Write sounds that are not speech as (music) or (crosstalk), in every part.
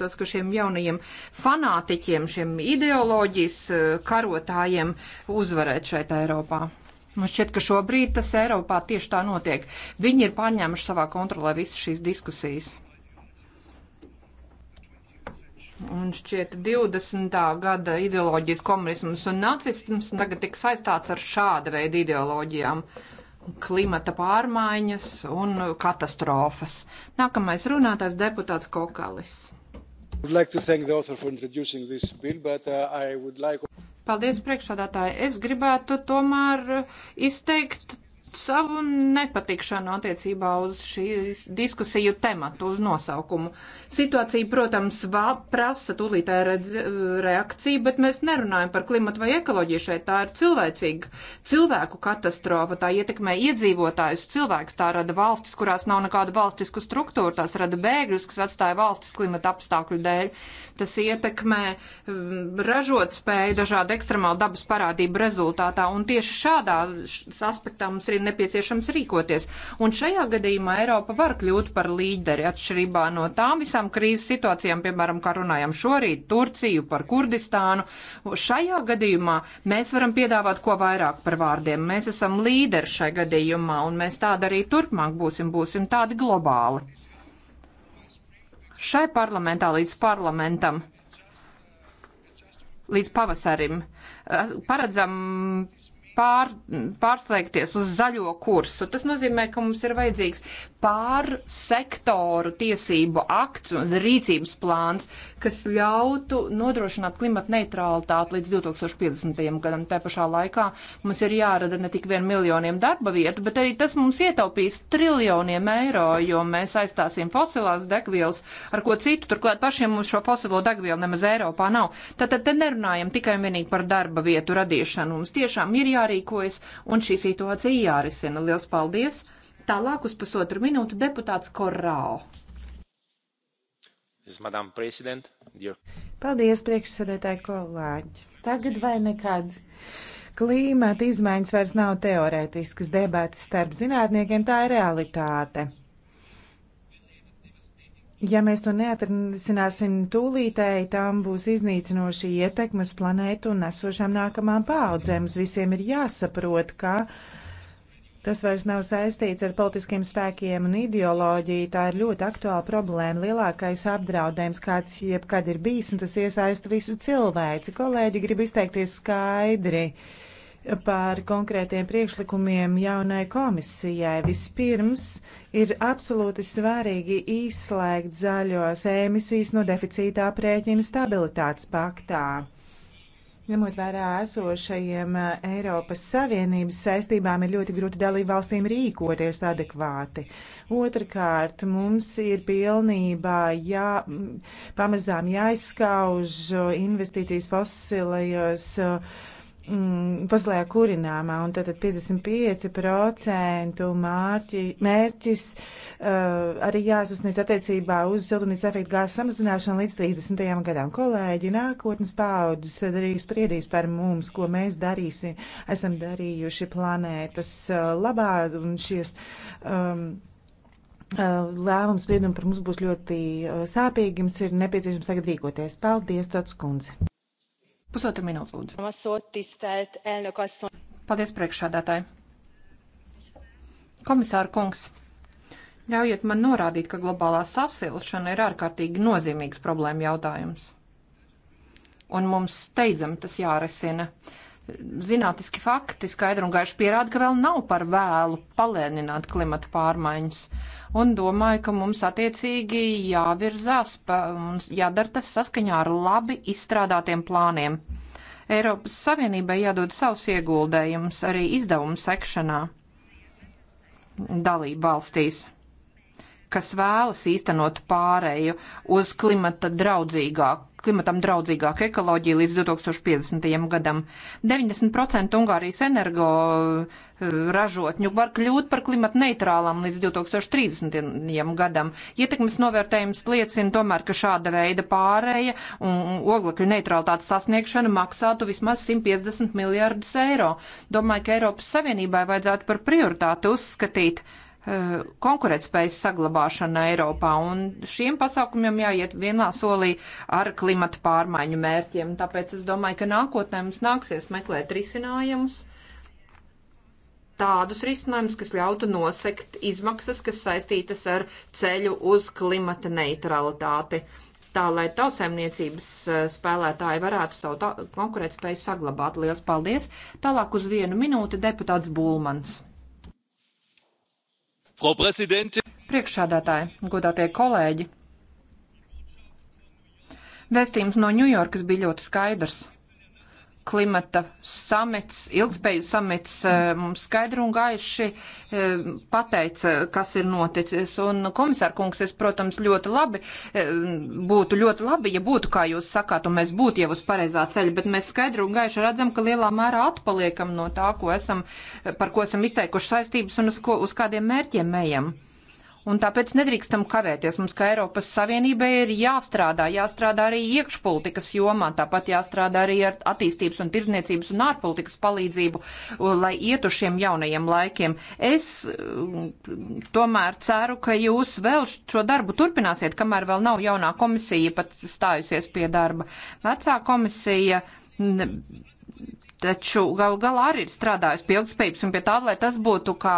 tos, ka šiem jaunajiem fanātiķiem, šiem ideoloģijas eh, karotājiem uzvarēt šeit Eiropā. Man šķiet, ka šobrīd tas Eiropā tieši tā notiek. Viņi ir pārņēmuši savā kontrolē visas šīs diskusijas. Un šķiet, 20. gada ideoloģijas komunisms un nacisms tagad tik saistāts ar šāda veida ideoloģijām - klimata pārmaiņas un katastrofas. Nākamais runātājs deputāts Kokalis. Uh, Paldies, priekšsādātāji. Es gribētu tomēr izteikt paust savu nepatikšanu attiecībā uz šīs diskusiju tematu, uz nosaukumu. Situācija, protams, vā, prasa tūlītēju redz, reakciju, bet mēs nerunājam par klimatu vai ekoloģiju šeit. Tā ir cilvēcīga cilvēku katastrofa, tā ietekmē iedzīvotājus, cilvēkus, tā rada valstis, kurās nav nekādu valstisku struktūru, tās rada bēgļus, kas atstāja valstis klimata apstākļu dēļ. Tas ietekmē um, ražot spēju dažādu ekstremālu dabas parādību rezultātā, un tieši šādā aspektā mums ir nepieciešams rīkoties. Un šajā gadījumā Eiropa var kļūt par līderi atšķirībā no tām visām krīzes situācijām, piemēram, kā runājam šorīt, Turciju, par Kurdistānu. Šajā gadījumā mēs varam piedāvāt ko vairāk par vārdiem. Mēs esam līderi šai gadījumā, un mēs tādi arī turpmāk būsim, būsim tādi globāli šai parlamentā līdz parlamentam, līdz pavasarim, eh, paredzam pār, pārslēgties uz zaļo kursu. Tas nozīmē, ka mums ir vajadzīgs pār sektoru tiesību akts un rīcības plāns, kas ļautu nodrošināt klimata neutralitāti līdz 2050. gadam. Tā pašā laikā mums ir jārada ne tik vien miljoniem darba vietu, bet arī tas mums ietaupīs triljoniem eiro, jo mēs aizstāsim fosilās degvielas ar ko citu. Turklāt pašiem mums šo fosilo degvielu nemaz Eiropā nav. Tātad te nerunājam tikai un vienīgi par darba vietu radīšanu. Mums tiešām ir jārīkojas un šī situācija jārisina. Liels paldies! Tālāk uz pusotru minūtu deputāts Korrao. Paldies, priekšsēdētāji kolēģi. Tagad vai nekad. Klimata izmaiņas vairs nav teorētiskas debatas starp zinātniekiem, tā ir realitāte. Ja mēs to neatrisināsim tūlītēji, tam būs iznīcinoši ietekmes planētu un esošām nākamām paaudzēm. Mums visiem ir jāsaprot, ka. Kā Tas vairs nav saistīts ar politiskiem spēkiem un ideoloģiju, tā ir ļoti aktuāla problēma. Lielākais apdraudējums, kāds jebkad ir bijis, un tas iesaista visu cilvēci. Kolēģi grib izteikties skaidri par konkrētiem priekšlikumiem jaunai komisijai. Vispirms ir absolūti svarīgi izslēgt zaļos emisijas no deficītā prēķina stabilitātes paktā. Ņemot vērā esošajiem eh, Eiropas Savienības saistībām, ir ļoti grūti dalību valstīm rīkoties adekvāti. Otrakārt, mums ir pilnībā jā, pamazām jāizskauž eh, investīcijas fosilajos uh, mm, fosilajā kurināmā, un tad 55% mārķi, mērķis uh, arī jāsasniedz attiecībā uz siltumnīcas efektu gāzes samazināšanu līdz 30. gadam. Kolēģi, nākotnes paudzes darīs spriedīs par mums, ko mēs darīsim, esam darījuši planētas uh, labā, un šies. Um, uh, Lēmums spriedumi par mums būs ļoti uh, sāpīgi, mums ir nepieciešams tagad rīkoties. Paldies, Tots Kundze! Pusotru minūtu, lūdzu. Paldies, priekšādātāji. Komisāra kungs, ļaujiet man norādīt, ka globālā sasilšana ir ārkārtīgi nozīmīgs problēma jautājums. Un mums steidzam tas jāresina zinātniski fakti skaidri un gaiši pierāda, ka vēl nav par vēlu palēnināt klimata pārmaiņas. Un domāju, ka mums attiecīgi jāvirzās pa, un jādara tas saskaņā ar labi izstrādātiem plāniem. Eiropas Savienībai jādod savus ieguldējumus arī izdevumu sekšanā dalību valstīs, kas vēlas īstenot pārēju uz klimata draudzīgāku klimatam draudzīgāka ekoloģija līdz 2050. gadam. 90% Ungārijas energo eh, ražotņu var kļūt par klimata neitrālām līdz 2030. gadam. Ietekmes novērtējums liecina tomēr, ka šāda veida pārēja un oglekļu neitralitātes sasniegšana maksātu vismaz 150 miljārdus eiro. Domāju, ka Eiropas Savienībai vajadzētu par prioritāti uzskatīt uh, Eh, konkurētspējas saglabāšana Eiropā, un šiem pasākumiem jāiet vienā solī ar klimatu pārmaiņu mērķiem. Tāpēc es domāju, ka nākotnē mums nāksies meklēt risinājumus, tādus risinājumus, kas ļautu nosekt izmaksas, kas saistītas ar ceļu uz klimata neutralitāti tā, lai tautsēmniecības eh, spēlētāji varētu savu konkurētspēju saglabāt. Lielas paldies! Tālāk uz vienu minūti deputāts Bulmans. Frau Präsidentin! Priekšsādātāji, godātie kolēģi! Vēstījums no Ņujorkas bija ļoti skaidrs klimata samits, ilgspējas samits eh, mums skaidri un gaiši eh, pateica, kas ir noticis. Un komisārkungs, es, protams, ļoti labi, eh, būtu ļoti labi, ja būtu, kā jūs sakāt, un mēs būtu jau uz pareizā ceļa, bet mēs skaidri un gaiši redzam, ka lielā mērā atpaliekam no tā, ko esam, par ko esam izteikuši saistības un uz, ko, uz kādiem mērķiem ejam. Mē Un tāpēc nedrīkstam kavēties. Mums, kā Eiropas Savienībai, ir jāstrādā, jāstrādā arī iekšpolitikas jomā, tāpat jāstrādā arī ar attīstības un tirdzniecības un ārpolitikas palīdzību, lai iet uz šiem jaunajiem laikiem. Es mm, tomēr ceru, ka jūs vēl šo darbu turpināsiet, kamēr vēl nav jaunā komisija pat stājusies pie darba. Vecā komisija taču gal galā arī ir strādājusi pie ilgspējības un pie tā, lai tas būtu kā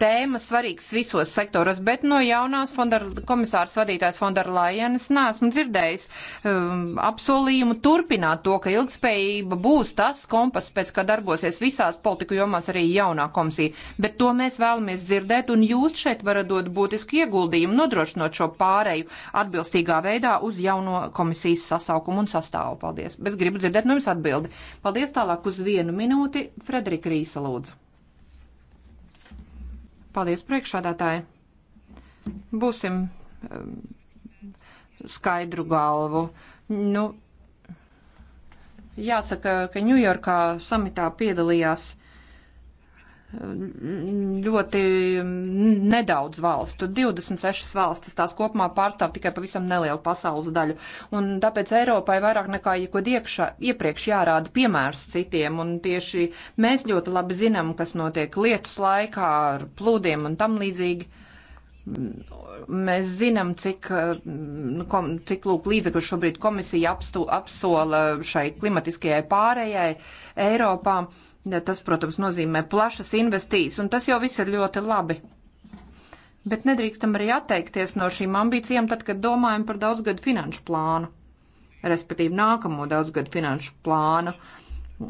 tēma svarīgs visos sektoros, bet no jaunās fondar, komisārs vadītājs Fondara Lajenes nesmu dzirdējis um, apsolījumu turpināt to, ka ilgspējība būs tas kompas, pēc kā darbosies visās politiku jomās arī jaunā komisija, bet to mēs vēlamies dzirdēt un jūs šeit varat dot būtisku ieguldījumu, nodrošinot šo pāreju atbilstīgā veidā uz jauno komisijas sasaukumu un sastāvu. Paldies! Bez gribu dzirdēt no jums atbildi. Paldies tālāk uz uz vienu minūti Frederika Rīsa lūdzu. Paldies priekšādātāji. Būsim um, skaidru galvu. Nu, jāsaka, ka Ņujorkā samitā piedalījās ļoti nedaudz valstu. 26 valstis tās kopumā pārstāv tikai pavisam nelielu pasaules daļu. Un tāpēc Eiropai vairāk nekā jebkod iekšā, iepriekš jārāda piemērs citiem. Un tieši mēs ļoti labi zinām, kas notiek lietus laikā ar plūdiem un tam līdzīgi. Mēs zinām, cik, mm, kom, cik lūk līdzekļu šobrīd komisija apstu, apsola šai klimatiskajai pārējai Eiropā. Tas, protams, nozīmē plašas investīcijas, un tas jau viss ir ļoti labi. Bet nedrīkstam arī atteikties no šīm ambīcijām, tad, kad domājam par daudzgadu finanšu plānu, respektīvi nākamo daudzgadu finanšu plānu.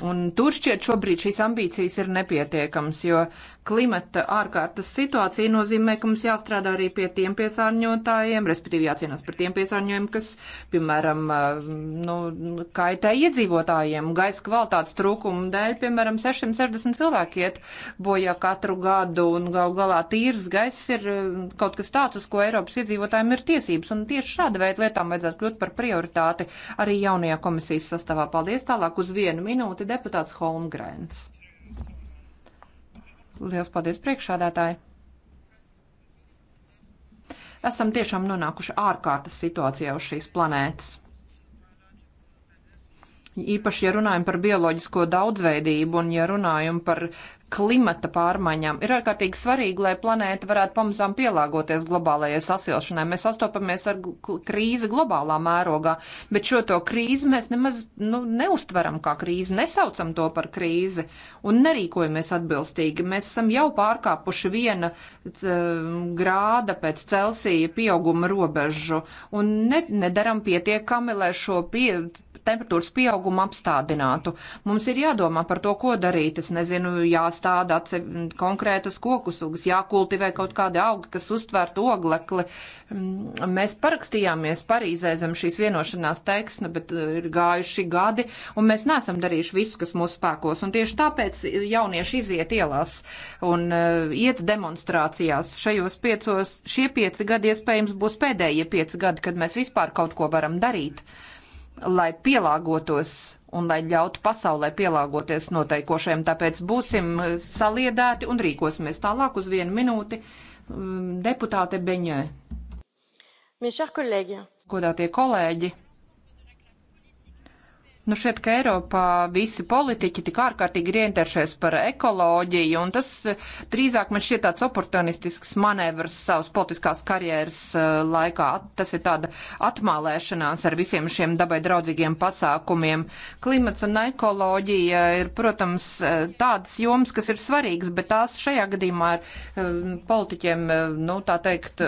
Un tur šķiet šobrīd šīs ambīcijas ir nepietiekams, jo klimata ārkārtas situācija nozīmē, ka mums jāstrādā arī pie tiem piesārņotājiem, respektīvi jācīnās par tiem piesārņojumiem, kas, piemēram, nu, kaitē iedzīvotājiem. Gaisa kvalitātes trūkumu dēļ, piemēram, 660 cilvēki iet bojā katru gadu, un gal galā tīrs gaiss ir kaut kas tāds, uz ko Eiropas iedzīvotājiem ir tiesības, un tieši šāda veida lietām vajadzētu kļūt par prioritāti arī jaunajā komisijas sastāvā. Paldies! Tālāk uz vienu minūti deputāts Holmgrēns. Liels paldies priekšādātāji! Esam tiešām nonākuši ārkārtas situācijā uz šīs planētas. Īpaši, ja runājam par bioloģisko daudzveidību un ja runājam par klimata pārmaiņām. Ir ārkārtīgi svarīgi, lai planēta varētu pamazām pielāgoties globālajai sasilšanai. Mēs sastopamies ar krīzi globālā mērogā, bet šo to krīzi mēs nemaz nu, neustveram kā krīzi, nesaucam to par krīzi un nerīkojamies atbilstīgi. Mēs esam jau pārkāpuši viena grāda pēc Celsija pieauguma robežu un ne, nedaram pietiekami, lai šo pie, temperatūras pieaugumu apstādinātu. Mums ir jādomā par to, ko darīt. Es nezinu, jāstāda konkrētas koku sugas, jākultivē kaut kādi augi, kas uztvērtu oglekli. Mm, mēs parakstījāmies Parīzē zem šīs vienošanās tekstne, bet uh, ir gājuši gadi, un mēs neesam darījuši visu, kas mūsu spēkos. Un tieši tāpēc jaunieši iziet ielās un uh, iet demonstrācijās. Šajos piecos, šie pieci gadi iespējams būs pēdējie pieci gadi, kad mēs vispār kaut ko varam darīt. Uh, lai pielāgotos un lai ļautu pasaulē pielāgoties noteikošajam. Tāpēc būsim uh, saliedēti un rīkosimies tālāk uz vienu minūti. Um, deputāte Beņē. Godātie kolēģi! Nu šeit, ka Eiropā visi politiķi tik ārkārtīgi ir ieinteresējušies par ekoloģiju, un tas eh, drīzāk man šķiet tāds oportunistisks manevrs savas politiskās karjeras eh, laikā. Tas ir tāda atmālēšanās ar visiem šiem dabai draudzīgiem pasākumiem. Klimats un ekoloģija ir, protams, eh, tādas jomas, kas ir svarīgas, bet tās šajā gadījumā ir politiķiem, nu tā teikt,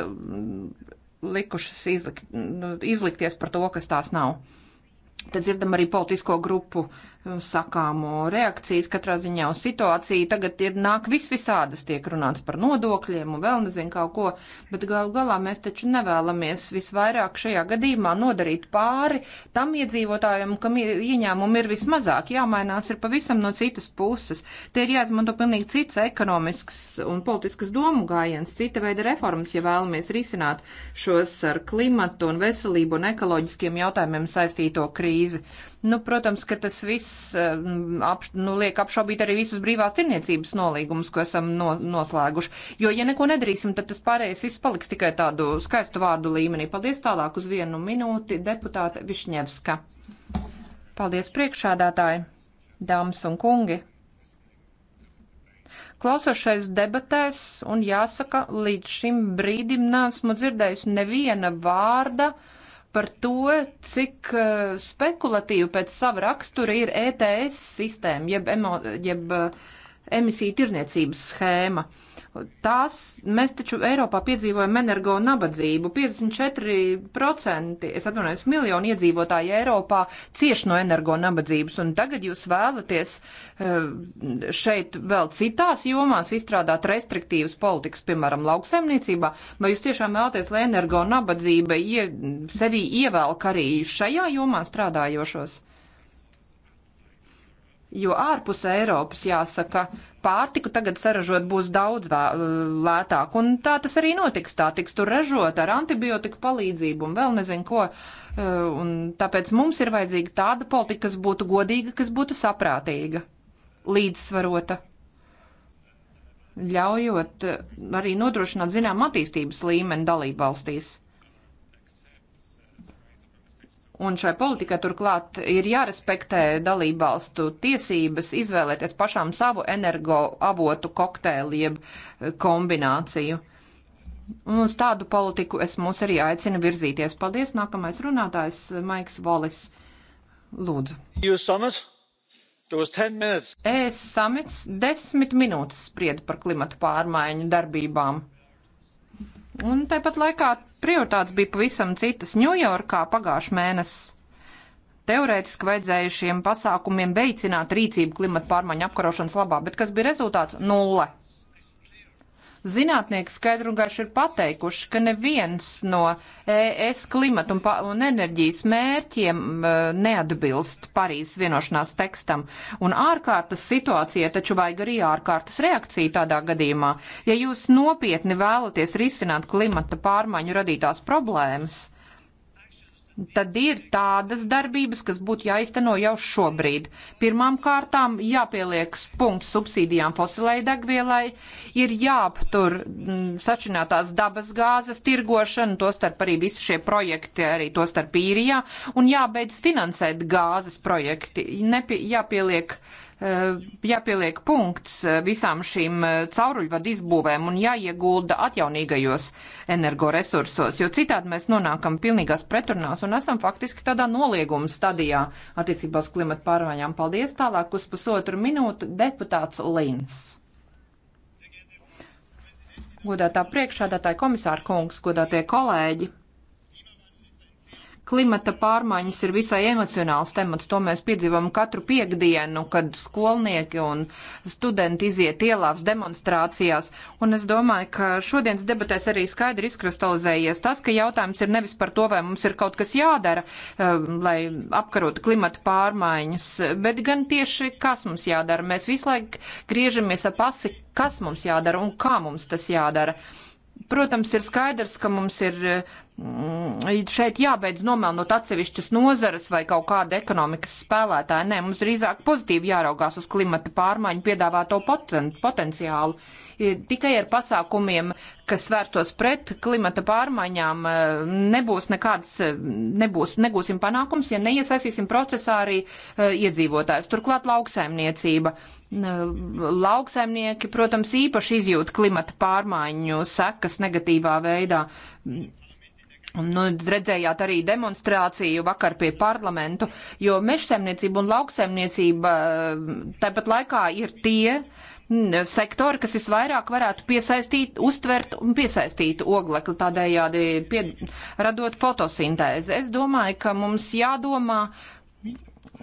likušas izlikt, nu, izlikties par to, kas tās nav. Te dzirdam arī politisko grupu sakāmo reakcijas katrā ziņā uz situāciju. Tagad ir nāk vis visādas, tiek runāts par nodokļiem un vēl nezinu kaut ko, bet gal galā mēs taču nevēlamies visvairāk šajā gadījumā nodarīt pāri tam iedzīvotājiem, kam ieņēmumi ir vismazāk, jāmainās ir pavisam no citas puses. Te ir jāizmanto pilnīgi cits ekonomisks un politisks domu gājiens, cita veida reformas, ja vēlamies risināt šos ar klimatu un veselību un ekoloģiskiem jautājumiem saistīto krīzi. Nu, protams, ka tas viss eh, ap, nu, liek apšaubīt arī visus brīvās tirniecības nolīgumus, ko esam no, noslēguši. Jo, ja neko nedarīsim, tad tas pārējais viss paliks tikai tādu skaistu vārdu līmenī. Paldies tālāk uz vienu minūti deputāte Višņevska. Paldies priekšādātāji, dāmas un kungi. Klausošais debatēs, un jāsaka, līdz šim brīdim neesmu dzirdējusi neviena vārda. Uh, par to, cik uh, eh, spekulatīva pēc sava rakstura ir ETS sistēma, jeb, emo, jeb uh, emisiju tirniecības schēma. Tās mēs taču Eiropā piedzīvojam energo nabadzību. 54% es atvainojos miljonu iedzīvotāju Eiropā cieš no energo nabadzības. Un tagad jūs vēlaties eh, šeit vēl citās jomās izstrādāt restriktīvas politikas, piemēram, lauksaimniecībā. Vai jūs tiešām vēlaties, lai energo nabadzība ie, sevī ievelk arī šajā jomā strādājošos? jo ārpus Eiropas, jāsaka, pārtiku tagad saražot būs daudz lētāk, un tā tas arī notiks. Tā tiks tur ražot ar antibiotiku palīdzību un vēl nezinu ko. Eh, un tāpēc mums ir vajadzīga tāda politika, kas būtu godīga, kas būtu saprātīga, līdzsvarota, ļaujot eh, arī nodrošināt zinām attīstības līmeni dalību valstīs. Un šai politikai turklāt ir jārespektē dalībvalstu tiesības izvēlēties pašām savu energoavotu kokteili jeb eh, kombināciju. Un uz tādu politiku es mūs arī aicinu virzīties. Paldies, nākamais runātājs eh, Maiks Volis. Lūdzu. ES samits desmit minūtes sprieda par klimatu pārmaiņu darbībām. Un tāpat laikā prioritātes bija pavisam citas. Ņujorkā pagājušā mēnesī teorētiski vajadzēja šiem pasākumiem veicināt rīcību klimata pārmaiņu apkarošanas labā, bet kas bija rezultāts? Nulle. Zinātnieki skaidru un gaišu ir pateikuši, ka neviens no ES klimata un, un enerģijas mērķiem e, neatbilst Parīzes vienošanās tekstam. Un ārkārtas situācija taču vajag arī ārkārtas reakciju tādā gadījumā. Ja jūs nopietni vēlaties risināt klimata pārmaiņu radītās problēmas, tad ir tādas darbības, kas būtu jāizteno jau šobrīd. Pirmām kārtām jāpieliek punkts subsīdijām fosilai degvielai, ir jāaptur m, mm, sačinātās dabas gāzes tirgošana, to starp arī visi šie projekti, arī to starp īrijā, un jābeidz finansēt gāzes projekti. Nepie, jāpieliek uh, Eh, jāpieliek punkts eh, visām šīm eh, cauruļvadu izbūvēm un jāiegulda atjaunīgajos energoresursos, jo citādi mēs nonākam pilnīgās pretrunās un esam faktiski tādā nolieguma stadijā attiecībā uz klimatu pārmaiņām. Paldies! Tālāk uz pusotru minūtu deputāts Lins. Godātā priekšādātāja komisāra kungs, godātie kolēģi! Klimata pārmaiņas ir visai emocionāls temats, to mēs piedzīvam katru piekdienu, kad skolnieki un studenti iziet ielās demonstrācijās. Un es domāju, ka šodienas debatēs arī skaidri izkristalizējies tas, ka jautājums ir nevis par to, vai mums ir kaut kas jādara, eh, lai apkarotu klimata pārmaiņas, bet gan tieši, kas mums jādara. Mēs visu laiku griežamies ap asi, kas mums jādara un kā mums tas jādara. Protams, ir skaidrs, ka mums ir eh, Mm, šeit jābeidz nomelnot atsevišķas nozares vai kaut kāda ekonomikas spēlētāja. Nē, mums drīzāk pozitīvi jāraugās uz klimata pārmaiņu piedāvāto poten potenciālu. Tikai ar pasākumiem, kas vērstos pret klimata pārmaiņām, eh, nebūs nekāds, eh, nebūs, negūsim panākums, ja neiesaistīsim procesā arī eh, iedzīvotājs. Turklāt lauksaimniecība. Lauksaimnieki, protams, īpaši izjūt klimata pārmaiņu sekas negatīvā veidā Un, nu, redzējāt arī demonstrāciju vakar pie parlamentu, jo mežsaimniecība un lauksaimniecība eh, tāpat laikā ir tie mm, sektori, kas visvairāk varētu piesaistīt, uztvert un piesaistīt oglekli, tādējādi pie, radot fotosintēzi. Es domāju, ka mums jādomā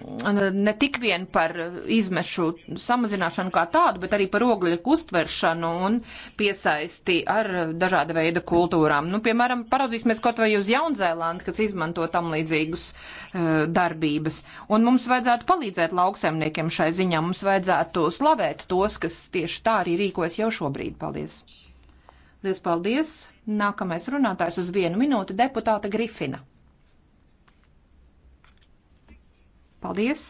Eh, ne tik vien par izmešu samazināšanu kā tādu, bet arī par ogļu uztveršanu un piesaisti ar dažāda veida kultūrām. Nu, piemēram, paraudzīsimies kaut vai uz Jaunzēlandi, kas izmanto tam līdzīgus uh, darbības. Un mums vajadzētu palīdzēt lauksaimniekiem šai ziņā, mums vajadzētu slavēt tos, kas tieši tā arī rīkojas jau šobrīd. Paldies! Lies paldies! Nākamais runātājs uz vienu minūti deputāta Grifina. Paldies!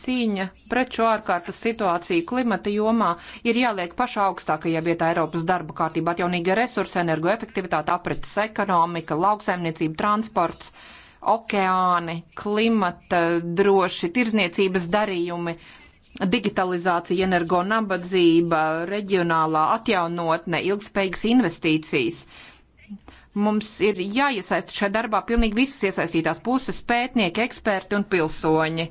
Cīņa pret šo ārkārtas situāciju klimata jomā ir jāliek pašā augstākajā vietā Eiropas darba kārtībā - atjaunīga resursa, energoefektivitāte, apretes ekonomika, lauksaimniecība, transports, okeāni, klimata droši, tirzniecības darījumi, digitalizācija, energo nabadzība, reģionālā atjaunotne, ilgspējīgas investīcijas Mums ir jāiesaista šajā darbā pilnīgi visas iesaistītās puses - pētnieki, eksperti un pilsoņi.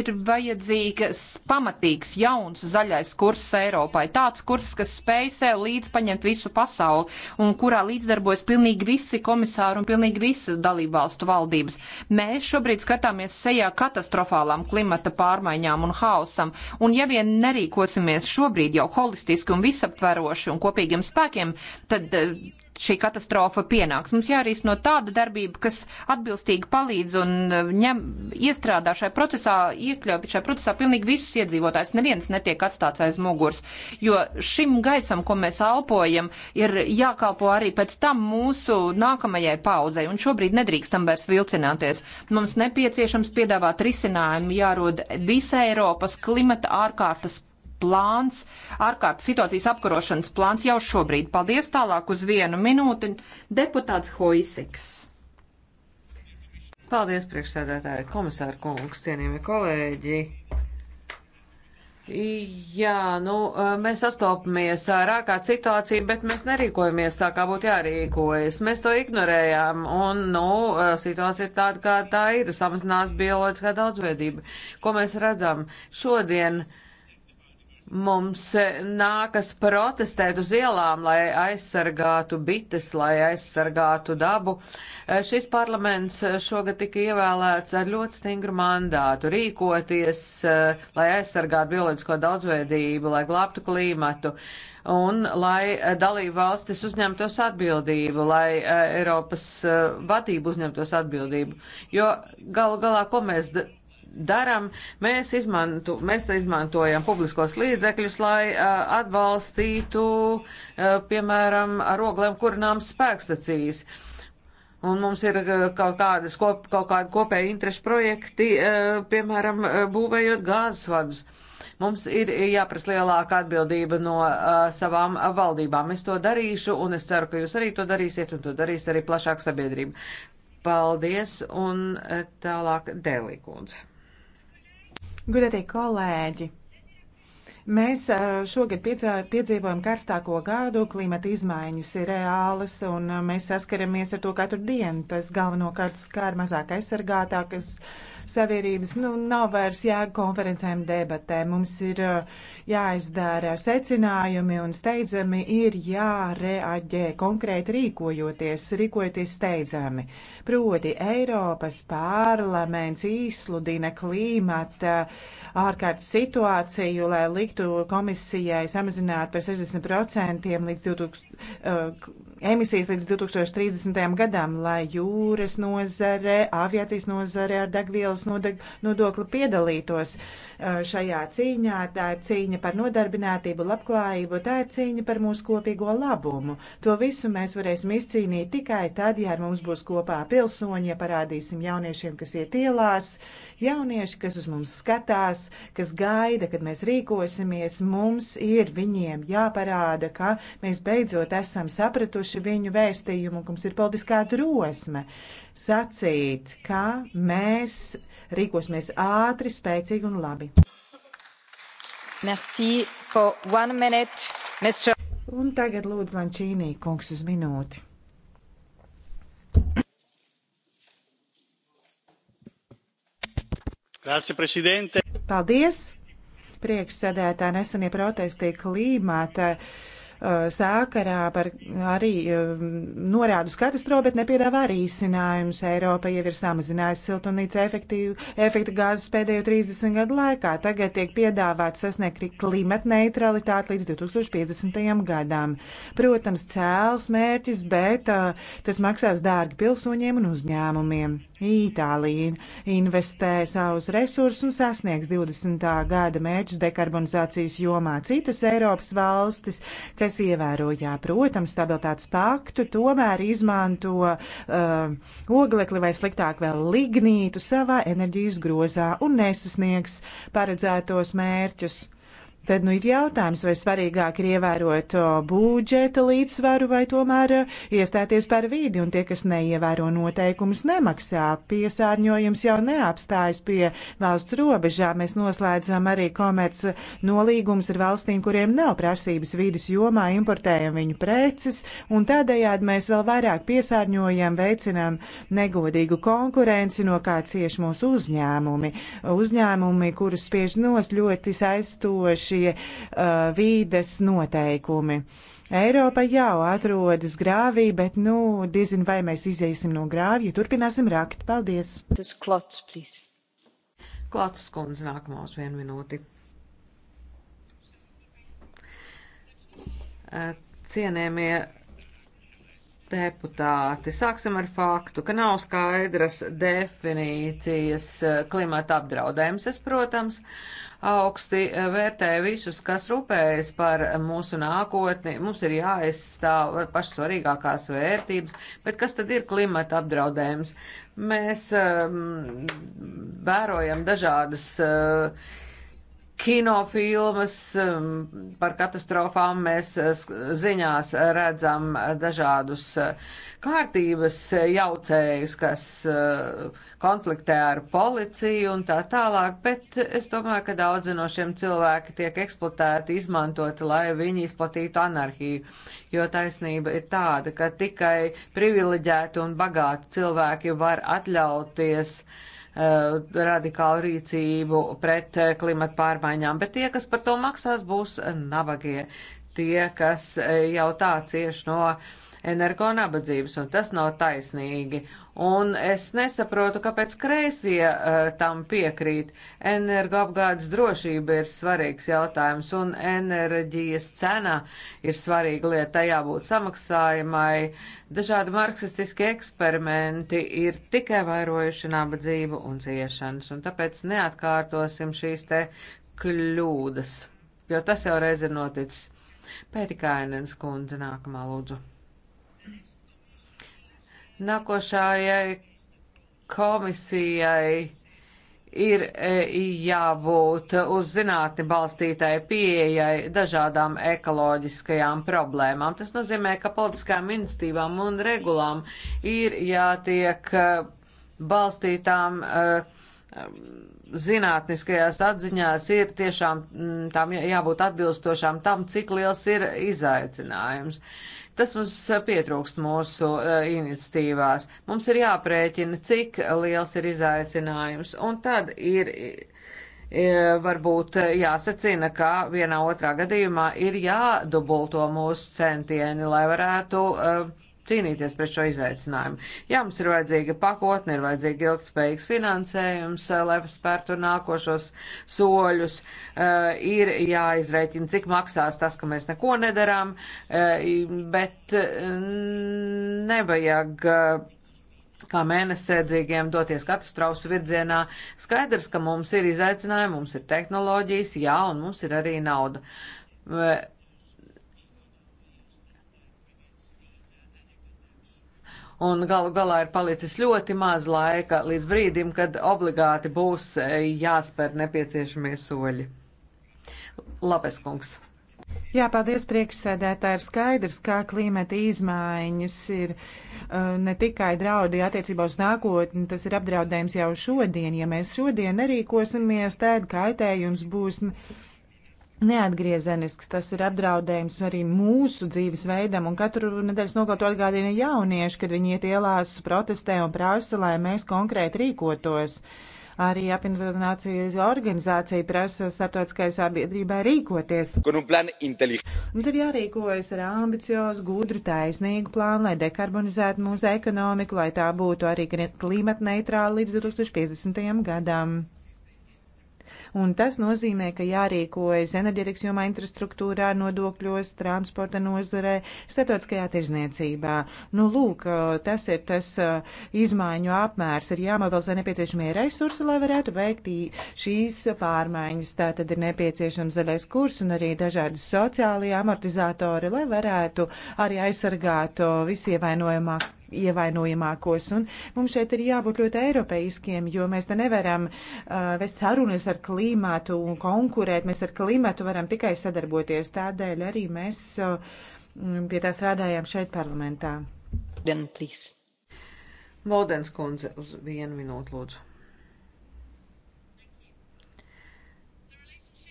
Ir vajadzīgs pamatīgs jauns zaļais kurs Eiropai. Tāds kurs, kas spēj sev līdzpaņemt visu pasauli un kurā līdzdarbojas pilnīgi visi komisāri un pilnīgi visas dalībvalstu valdības. Mēs šobrīd skatāmies sejā katastrofālām klimata pārmaiņām un hausam, un ja vien nerīkosimies šobrīd jau holistiski un visaptveroši un kopīgiem spēkiem, tad eh, šī katastrofa pienāks. Mums jārisno tāda darbība, kas atbilstīgi palīdz un eh, ņem, iestrādā šajā procesā, iekļauj šajā procesā pilnīgi visus iedzīvotājus. Neviens netiek atstāts aiz muguras, jo šim gaisam, ko mēs alpojam, ir jākalpo arī pēc tam mūsu nākamajai paudzei, un šobrīd nedrīkstam vairs vilcināties. Mums nepieciešams piedāvāt risinājumu, jārod visa Eiropas klimata ārkārtas plāns, ārkārtas situācijas apkarošanas plāns jau šobrīd. Paldies tālāk uz vienu minūti. Deputāts Hoisiks. Paldies, priekšsēdētāji, komisāra kungs, cienījami kolēģi. Jā, nu, mēs sastopamies ar ārkārt situāciju, bet mēs nerīkojamies tā, kā būtu jārīkojas. Mēs to ignorējām, un, nu, situācija ir tāda, kā tā ir, samazinās bioloģiskā daudzveidība. Ko mēs redzam šodien? Uh, Mums e, nākas protestēt uz ielām, lai aizsargātu bites, lai aizsargātu dabu. E, šis parlaments e, šogad tika ievēlēts ar ļoti stingru mandātu rīkoties, lai aizsargātu bioloģisko daudzveidību, lai glābtu klimatu un lai dalību valstis uzņemtos atbildību, lai Eiropas vadība uzņemtos atbildību. Jo galu galā, ko mēs daram, mēs, izmantu, mēs izmantojam publiskos līdzekļus, lai uh, atbalstītu, uh, piemēram, ar oglēm kurinām spēkstacijas. Un mums ir uh, kaut, kādas, kop, kaut kādi kopēji interešu projekti, uh, piemēram, uh, būvējot gāzes vadus. Mums ir jāprasa lielāka atbildība no uh, savām valdībām. Es to darīšu, un es ceru, ka jūs arī to darīsiet, un to darīs arī plašāk sabiedrība. Paldies, un tālāk Dēlī kundze. Gudētie kolēģi! Mēs šogad piedzīvojam karstāko gadu, klimata izmaiņas ir reālas un mēs saskaramies ar to katru dienu. Tas galvenokārt skar mazāk aizsargātākas sabiedrības. Nu, nav vairs jēga konferencēm debatē. Mums ir jāizdara secinājumi un steidzami ir jāreaģē konkrēti rīkojoties, rīkojoties steidzami. Proti Eiropas parlaments izsludina klimata ārkārtas situāciju, lai liktu teiktu komisijai samazināt par 60% līdz 2000, uh, eh, emisijas līdz 2030. gadam, lai jūras nozare, aviācijas nozare ar degvielas nodeg, nodokli piedalītos uh, šajā cīņā. Tā ir cīņa par nodarbinātību, labklājību, tā ir cīņa par mūsu kopīgo labumu. To visu mēs varēsim izcīnīt tikai tad, ja ar mums būs kopā pilsoņi, ja parādīsim jauniešiem, kas iet ielās, jaunieši, kas uz mums skatās, kas gaida, kad mēs rīkosimies neuzticamies mums, ir viņiem jāparāda, ka mēs beidzot esam sapratuši viņu vēstījumu, ka mums ir politiskā drosme sacīt, ka mēs rīkosimies ātri, spēcīgi un labi. Merci for one minute, Mr. Un tagad lūdzu Lančīnī, kungs, uz minūti. Grazie, Paldies! priekšsēdētā nesenie protesti klīmāta uh, sākarā par arī um, norādu katastrofu, bet nepiedāvā risinājumus. Eiropa jau ir samazinājusi siltumnīca efekta gāzes pēdējo 30 gadu laikā. Tagad tiek piedāvāts sasniegt klimata neutralitāti līdz 2050. gadam. Protams, cēls mērķis, bet uh, tas maksās dārgi pilsoņiem un uzņēmumiem. Itālija investē savus resursus un sasniegs 20. gada mērķus dekarbonizācijas jomā. Citas Eiropas valstis, kas ievēro, jā, protams, stabilitātes paktu, tomēr izmanto uh, oglekli vai sliktāk vēl lignītu savā enerģijas grozā un nesasniegs paredzētos mērķus. Tad nu ir jautājums, vai svarīgāk ir ievērot uh, budžeta līdzsvaru vai tomēr uh, iestāties par vīdi, un tie, kas neievēro noteikumus, nemaksā. Piesārņojums jau neapstājas pie valsts robežām. Mēs noslēdzam arī komerc nolīgums ar valstīm, kuriem nav prasības vīdes jomā, importējam viņu preces, un tādējādi mēs vēl vairāk piesārņojam, veicinam negodīgu konkurenci, no kā cieši mūsu uzņēmumi. Uzņēmumi, kurus spiež nos ļoti saistoši šie uh, vīdes noteikumi. Eiropa jau atrodas grāvī, bet, nu, diezin vai mēs iziesim no grāvja, turpināsim rakt. Paldies! Tas klots, plīs. Klots skundze nākamā uz vienu minūti. Cienējamie deputāti, sāksim ar faktu, ka nav skaidras definīcijas klimata apdraudējums, es, protams, uh, augsti eh, vērtē visus, kas rūpējas par mūsu nākotni. Mums ir jāaizstāv pašsvarīgākās vērtības, bet kas tad ir klimata apdraudējums? Mēs um, vērojam dažādas. Uh, kinofilmas ehm, par katastrofām mēs eh, ziņās redzam dažādus kārtības jaucējus, kas uh, konfliktē ar policiju un tā tālāk, bet es domāju, ka daudzi no šiem cilvēki tiek eksploatēti, izmantoti, lai viņi izplatītu anarhiju, jo taisnība ir tāda, ka tikai privileģēti un bagāti cilvēki var atļauties uh, radikālu rīcību pret eh, klimatu pārmaiņām, bet tie, kas par to maksās, būs nabagie tie, kas eh, jau tā cieši no energo nabadzības, un tas nav taisnīgi. Un es nesaprotu, kāpēc kreisie uh, tam piekrīt. Energoapgādes drošība ir svarīgs jautājums, un enerģijas cena ir svarīga lieta, tai jābūt samaksājumai. Dažādi marksistiski eksperimenti ir tikai vairojuši nabadzību un ciešanas, un tāpēc neatkārtosim šīs te kļūdas, jo tas jau reiz ir noticis. Pētikainens kundze nākamā lūdzu. Nākošajai komisijai ir e, jābūt uz zinātni balstītai pieejai dažādām ekoloģiskajām problēmām. Tas nozīmē, ka politiskām institībām un regulām ir jātiek e, balstītām e, zinātniskajās atziņās, ir tiešām tām jābūt atbilstošām tam, cik liels ir izaicinājums. Uh, Tas mums pietrūkst mūsu eh, iniciatīvās. Mums ir jāprēķina, cik liels ir izaicinājums, un tad ir eh, varbūt eh, jāsacina, ka vienā otrā gadījumā ir jādubulto mūsu centieni, lai varētu uh, cīnīties pret šo izaicinājumu. Jā, mums ir vajadzīga pakotne, ir vajadzīga ilgspējīgs finansējums, eh, lai spērtu nākošos soļus, eh, ir jāizreikina, cik maksās tas, ka mēs neko nedarām, eh, bet nevajag kā mēnesēdzīgiem doties katastrofu virzienā. Skaidrs, ka mums ir izaicinājumi, mums ir tehnoloģijas, jā, un mums ir arī nauda un galu galā ir palicis ļoti maz laika līdz brīdim, kad obligāti būs eh, jāspēr nepieciešamie soļi. Labes kungs! Jā, paldies priekšsēdētāji. Ir skaidrs, kā klimata izmaiņas ir uh, ne tikai draudi attiecībā uz nākotni, tas ir apdraudējums jau šodien. Ja mēs šodien nerīkosimies, tad kaitējums būs. Uh, neatgriezenisks. Tas ir apdraudējums arī mūsu dzīves veidam, un katru nedēļas nogaltu atgādina jaunieši, kad viņi iet ielās, protestē un prasa, lai mēs konkrēti rīkotos. Arī apvienotā nācijas organizācija prasa starptautiskai sabiedrībai rīkoties. Mums ir jārīkojas ar ambiciozu, gudru, taisnīgu plānu, lai dekarbonizētu mūsu ekonomiku, lai tā būtu arī klimatneitrāla līdz 2050. gadam un tas nozīmē, ka jārīkojas enerģetikas jomā, infrastruktūrā, nodokļos, transporta nozarē, starptautiskajā tirzniecībā. Nu, lūk, tas ir tas izmaiņu apmērs, ir jāmobilizē nepieciešamie resursi, lai varētu veikt šīs pārmaiņas. Tātad ir nepieciešams zaļais kurs un arī dažādi sociālie amortizatori, lai varētu arī aizsargāt visievainojamāk ievainojamākos. Un mums šeit ir jābūt ļoti eiropeiskiem, jo mēs te nevaram uh, vest sarunas ar klimatu un konkurēt. Mēs ar klimatu varam tikai sadarboties. Tādēļ arī mēs uh, pie tā strādājām šeit parlamentā. Valdens kundze uz vienu minūtu lūdzu.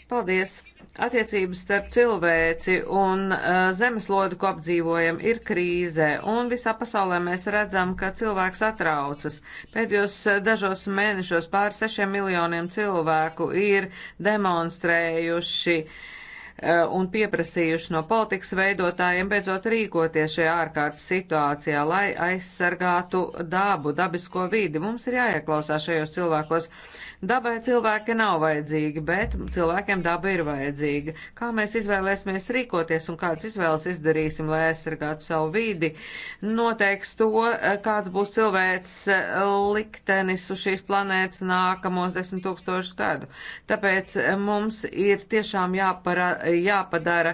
Paldies! Attiecības starp cilvēci un uh, zemeslodu, ko apdzīvojam, ir krīzē, un visā pasaulē mēs redzam, ka cilvēks atraucas. Pēdējos uh, dažos mēnešos pāri sešiem miljoniem cilvēku ir demonstrējuši uh, un pieprasījuši no politikas veidotājiem beidzot rīkoties šajā ārkārtas situācijā, lai aizsargātu dabu, dabisko vidi. Mums ir jāieklausās šajos cilvēkos. Uh, Dabai cilvēki nav vajadzīgi, bet cilvēkiem daba ir vajadzīga. Kā mēs izvēlēsimies rīkoties un kādas izvēles izdarīsim, lai aizsargātu savu vidi, noteiks to, eh, kāds būs cilvēks eh, liktenis uz šīs planētas nākamos desmit tūkstošus gadu. Tāpēc eh, mums ir tiešām jāpara, jāpadara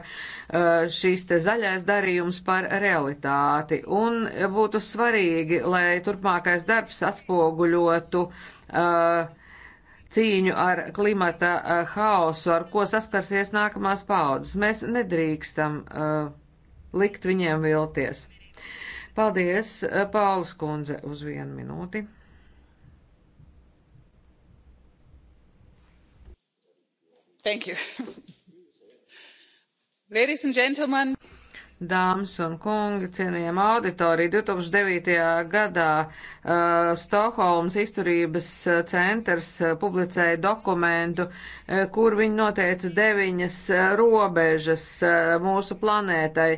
šīs te zaļais darījums par realitāti. Un būtu svarīgi, lai turpmākais darbs atspoguļotu uh, cīņu ar klimata eh, haosu, ar ko saskarsies nākamās paudzes. Mēs nedrīkstam uh, likt viņiem vilties. Paldies, eh, Paulas kundze, uz vienu minūti. Thank you. (laughs) Ladies and gentlemen. Dāmas un kungi, cienījama auditorija, 2009. gadā uh, Stokholmas izturības uh, centrs uh, publicēja dokumentu, uh, kur viņi noteica deviņas uh, robežas uh, mūsu planētai.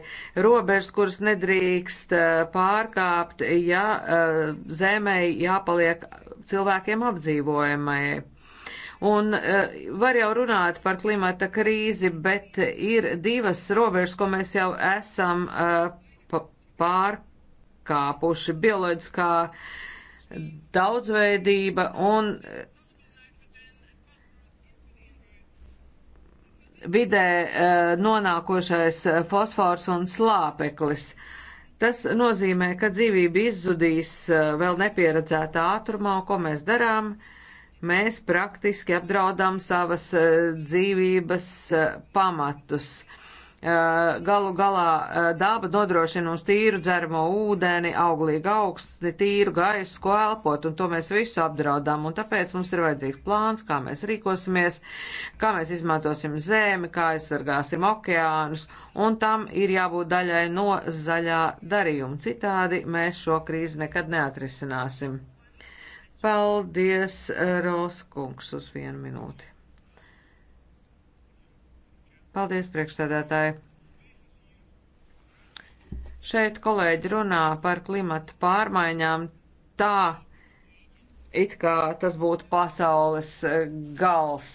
Robežas, kuras nedrīkst uh, pārkāpt, ja uh, Zemē jāpaliek cilvēkiem apdzīvojamai. Un eh, var jau runāt par klimata krīzi, bet ir divas robežas, ko mēs jau esam eh, pārkāpuši - bioloģiskā daudzveidība un eh, vidē nonākošais fosfors un slāpeklis. Tas nozīmē, ka dzīvība izzudīs vēl nepieredzētā ātrumā, ko mēs darām. Uh, mēs praktiski apdraudām savas eh, dzīvības eh, pamatus. Eh, galu galā daba nodrošina mums tīru dzeramo ūdeni, auglīgu augstu, tīru gaisu, ko elpot, un to mēs visu apdraudām. Un tāpēc mums ir vajadzīgs plāns, kā mēs rīkosimies, kā mēs izmantosim zemi, kā aizsargāsim okeānus, un tam ir jābūt daļai no zaļā darījuma. Citādi mēs šo krīzi nekad neatrisināsim. Paldies, Roskungs, uz vienu minūti. Paldies, priekšsēdētāji. Šeit kolēģi runā par klimata pārmaiņām tā, it kā tas būtu pasaules gals.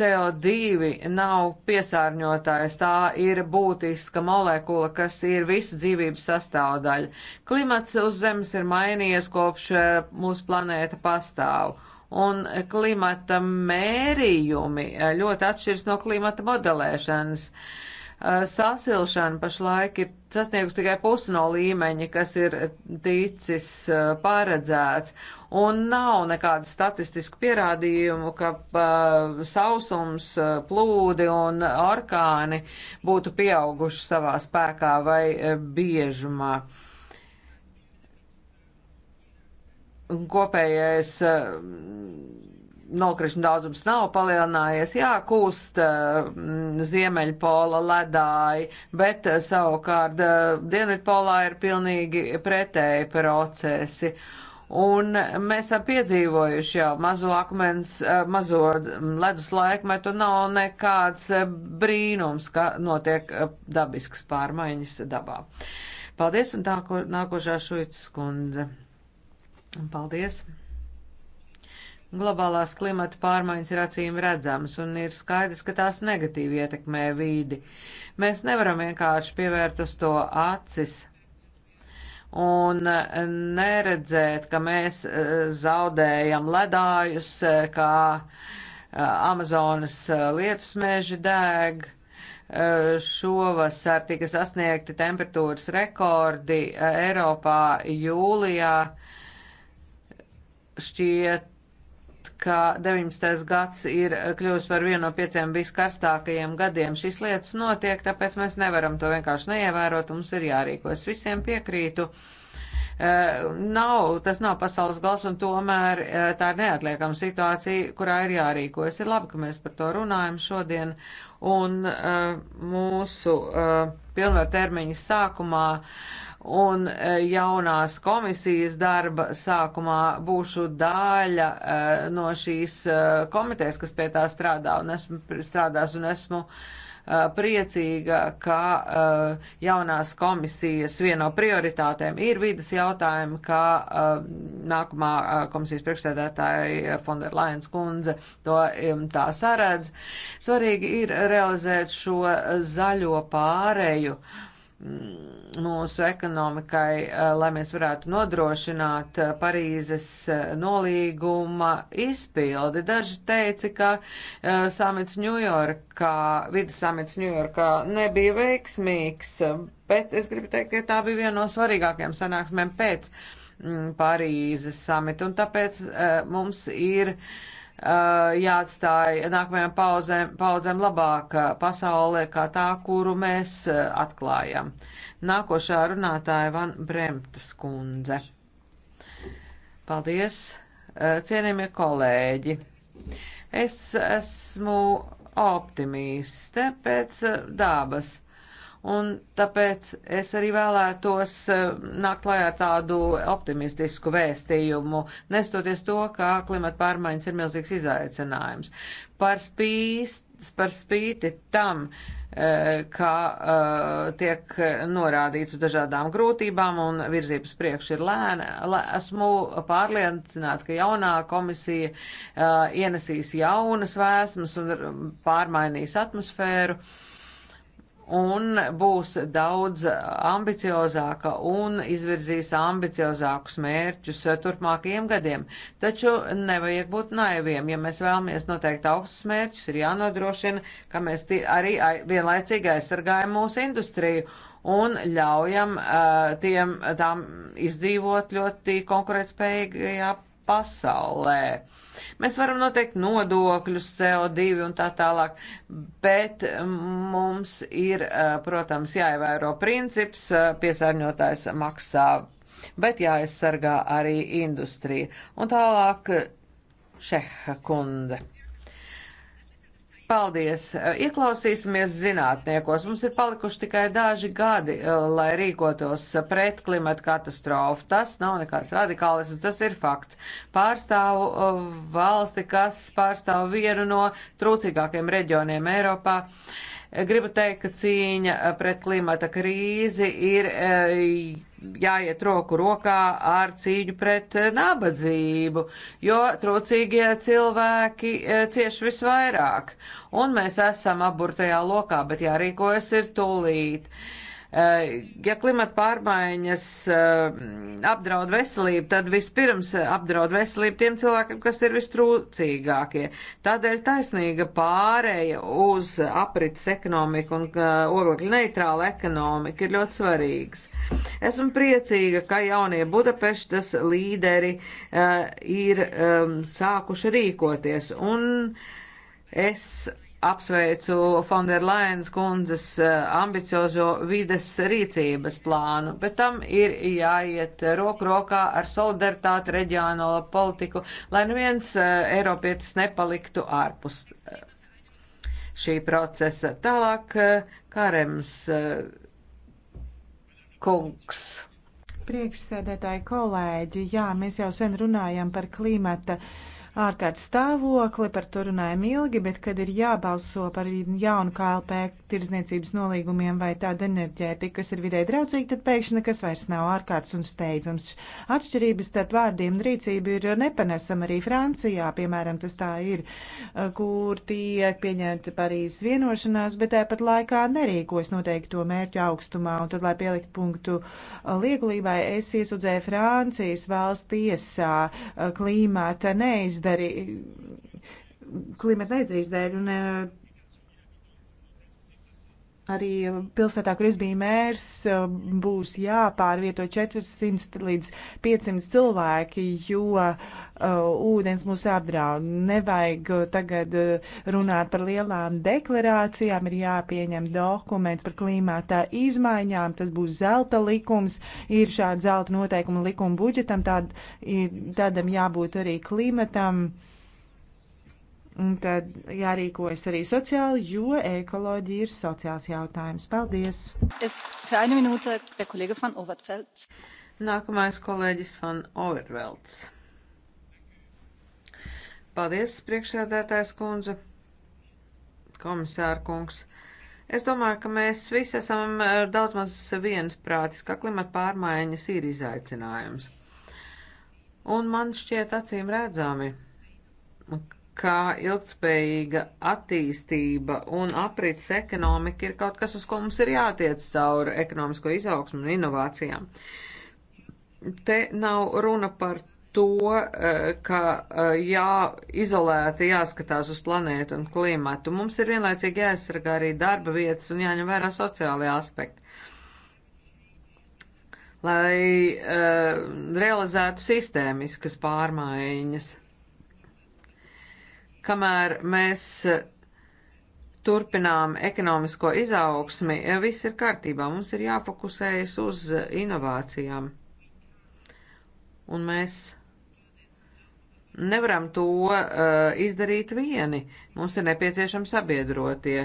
CO2 nav piesārņotājs, tā ir būtiska molekula, kas ir visa dzīvības sastāvdaļa. Klimats uz Zemes ir mainījies kopš eh, mūsu planēta pastāv. Un klimata mērījumi eh, ļoti atšķiras no klimata modelēšanas. Eh, sasilšana pašlaik ir sasniegusi tikai pusi no līmeņa, kas ir ticis paredzēts, un nav nekādu statistisku pierādījumu, ka uh, sausums, e, plūdi un orkāni būtu pieauguši savā spēkā vai uh, biežumā. Kopējais uh, nokrišņu daudzums nav palielinājies, jā, kūst ziemeļpola ledāji, bet savukārt dienvidpolā ir pilnīgi pretēji procesi. Uh, Un mēs esam piedzīvojuši jau mazo akmens, eh, mazo ledus laikmetu, nav nekāds eh, brīnums, ka notiek eh, dabisks pārmaiņas dabā. Paldies, un tāko, nākošā šuicis kundze. Paldies. Globālās klimata pārmaiņas ir acīm redzamas, un ir skaidrs, ka tās negatīvi ietekmē vīdi. Mēs nevaram vienkārši pievērt uz to acis un neredzēt, ka mēs eh, zaudējam ledājus, eh, kā eh, Amazonas lietusmeži dēg. Šovasar tika sasniegti temperatūras rekordi Eiropā jūlijā. Šķiet, ka 19. gads ir kļuvis par vienu no pieciem viskarstākajiem gadiem. Šīs lietas notiek, tāpēc mēs nevaram to vienkārši neievērot, mums ir jārīkojas. Visiem piekrītu. Eh, nav, tas nav pasaules gals, un tomēr eh, tā ir neatliekama situācija, kurā ir jārīkojas. Ir labi, ka mēs par to runājam šodien, un eh, mūsu pilnvērtermiņa sākumā uh, un e, jaunās komisijas darba sākumā būšu daļa e, no šīs e, komitejas, kas pie tā strādā un esmu strādās un esmu priecīga, ka jaunās komisijas vieno prioritātēm ir vidas jautājumi, kā nākamā komisijas priekšsēdētāja Fonderlainas kundze to tā saredz. Svarīgi ir realizēt šo zaļo pārēju. Uh, Mm, mūsu ekonomikai, eh, lai mēs varētu nodrošināt eh, Parīzes eh, nolīguma izpildi. Daži teica, ka samits Ņujorkā, vidas samits Ņujorkā nebija veiksmīgs, bet es gribu teikt, ka tā bija viena no svarīgākajām sanāksmēm pēc mm, Parīzes samita, un tāpēc mums ir uh, Uh, jāatstāj nākamajām paudzēm, paudzēm labāka pasaule, kā tā, kuru mēs uh, atklājam. Nākošā runātāja Van Bremtas kundze. Paldies, uh, cienījamie kolēģi. Es esmu optimīsts pēc dabas un tāpēc es arī vēlētos eh, nākt klajā ar tādu optimistisku vēstījumu, nestoties to, ka klimata pārmaiņas ir milzīgs izaicinājums. Par, spīst, par spīti tam, eh, kā eh, tiek norādīts dažādām grūtībām un virzības priekš ir lēna, esmu pārliecināta, ka jaunā komisija ienesīs jaunas vēsmas un pārmainīs atmosfēru. Uh, un būs daudz ambiciozāka un izvirzīs ambiciozākus mērķus turpmākajiem gadiem. Taču nevajag būt naiviem. Ja mēs vēlamies noteikt augstus mērķus, ir jānodrošina, ka mēs arī vienlaicīgi aizsargājam mūsu industriju un ļaujam uh, tiem tām izdzīvot ļoti konkurētspējīgajā pasaulē. Mēs varam noteikt nodokļus, CO2 un tā tālāk, bet mums ir, eh, protams, jāievēro princips eh, piesārņotājs maksā, bet jāaizsargā arī industrija. Un tālāk eh, Šeha kunde. Paldies! Eh, ieklausīsimies zinātniekos. Mums ir palikuši tikai daži gadi, eh, lai rīkotos pret klimata katastrofu. Tas nav nekāds radikālisms, tas ir fakts. Pārstāvu eh, valsti, kas pārstāv vienu no trūcīgākiem reģioniem Eiropā. Gribu teikt, ka cīņa pret klimata krīzi ir jāiet roku rokā ar cīņu pret eh, nabadzību, jo trūcīgie cilvēki eh, cieš visvairāk. Un mēs esam aburtajā lokā, bet jārīkojas ir tūlīt. Uh, Eh, ja klimata pārmaiņas eh, apdraud veselību, tad vispirms eh, apdraud veselību tiem cilvēkiem, kas ir vistrūcīgākie. Tādēļ taisnīga pārēja uz aprits ekonomiku un oglekļa neitrāla ekonomika ir ļoti svarīgs. Esmu priecīga, ka jaunie Budapeštas līderi ir sākuši rīkoties un es apsveicu Fonderlainas kundzes eh, ambiciozo vides rīcības plānu, bet tam ir jāiet roku rokā ar solidaritāti reģionālo politiku, lai neviens eh, Eiropietis nepaliktu ārpus eh, šī procesa. Tālāk Karems kungs. Priekšsēdētāji kolēģi, jā, mēs jau sen runājam par klimata uh, ārkārtas stāvokli, par to runājam ilgi, bet kad ir jābalso par jaunu KLP tirzniecības nolīgumiem vai tāda enerģētika, kas ir vidē draudzīga, tad pēkšņi nekas vairs nav ārkārtas un steidzams. Atšķirības starp vārdiem un rīcību ir nepanesama arī Francijā, piemēram, tas tā ir, eh, kur tiek pieņemta Parīzes vienošanās, bet tāpat laikā nerīkos noteikto mērķu augstumā. Un tad, lai pielikt punktu eh, liekulībai, es iesūdzēju Francijas valsts tiesā eh, klimata neizdarīšanu klimata neizdarības dēļ, un Arī pilsētā, kur es biju mērs, būs jāpārvieto 400 līdz 500 cilvēki, jo uh, ūdens mūs apdraud. Nevajag uh, tagad uh, runāt par lielām deklarācijām, ir jāpieņem dokuments par klimātā izmaiņām, tas būs zelta likums, ir šāda zelta noteikuma likuma budžetam, tād, ir, tādam jābūt arī klimatam. Uh, Un tad jārīkojas arī sociāli, jo ekoloģija ir sociāls jautājums. Paldies! Minūte, Nākamais kolēģis Van Overvelds. Paldies, priekšsēdētājs kundze, komisāra kungs. Es domāju, ka mēs visi esam eh, daudz maz viensprātis, ka klimata pārmaiņas ir izaicinājums. Un man šķiet acīm redzami, ka ilgtspējīga attīstība un aprits ekonomika ir kaut kas, uz ko mums ir jātiec caur ekonomisko izaugsmu un inovācijām. Te nav runa par to, eh, ka eh, jā, izolēti jāskatās uz planētu un klimatu. Mums ir vienlaicīgi jāaizsargā arī darba vietas un jāņem vērā sociālajā aspekta lai uh, realizētu sistēmiskas pārmaiņas kamēr mēs eh, turpinām ekonomisko izaugsmi, eh, viss ir kārtībā. Mums ir jāfokusējas uz eh, inovācijām. Un mēs nevaram to uh, izdarīt vieni. Mums ir nepieciešami sabiedrotie.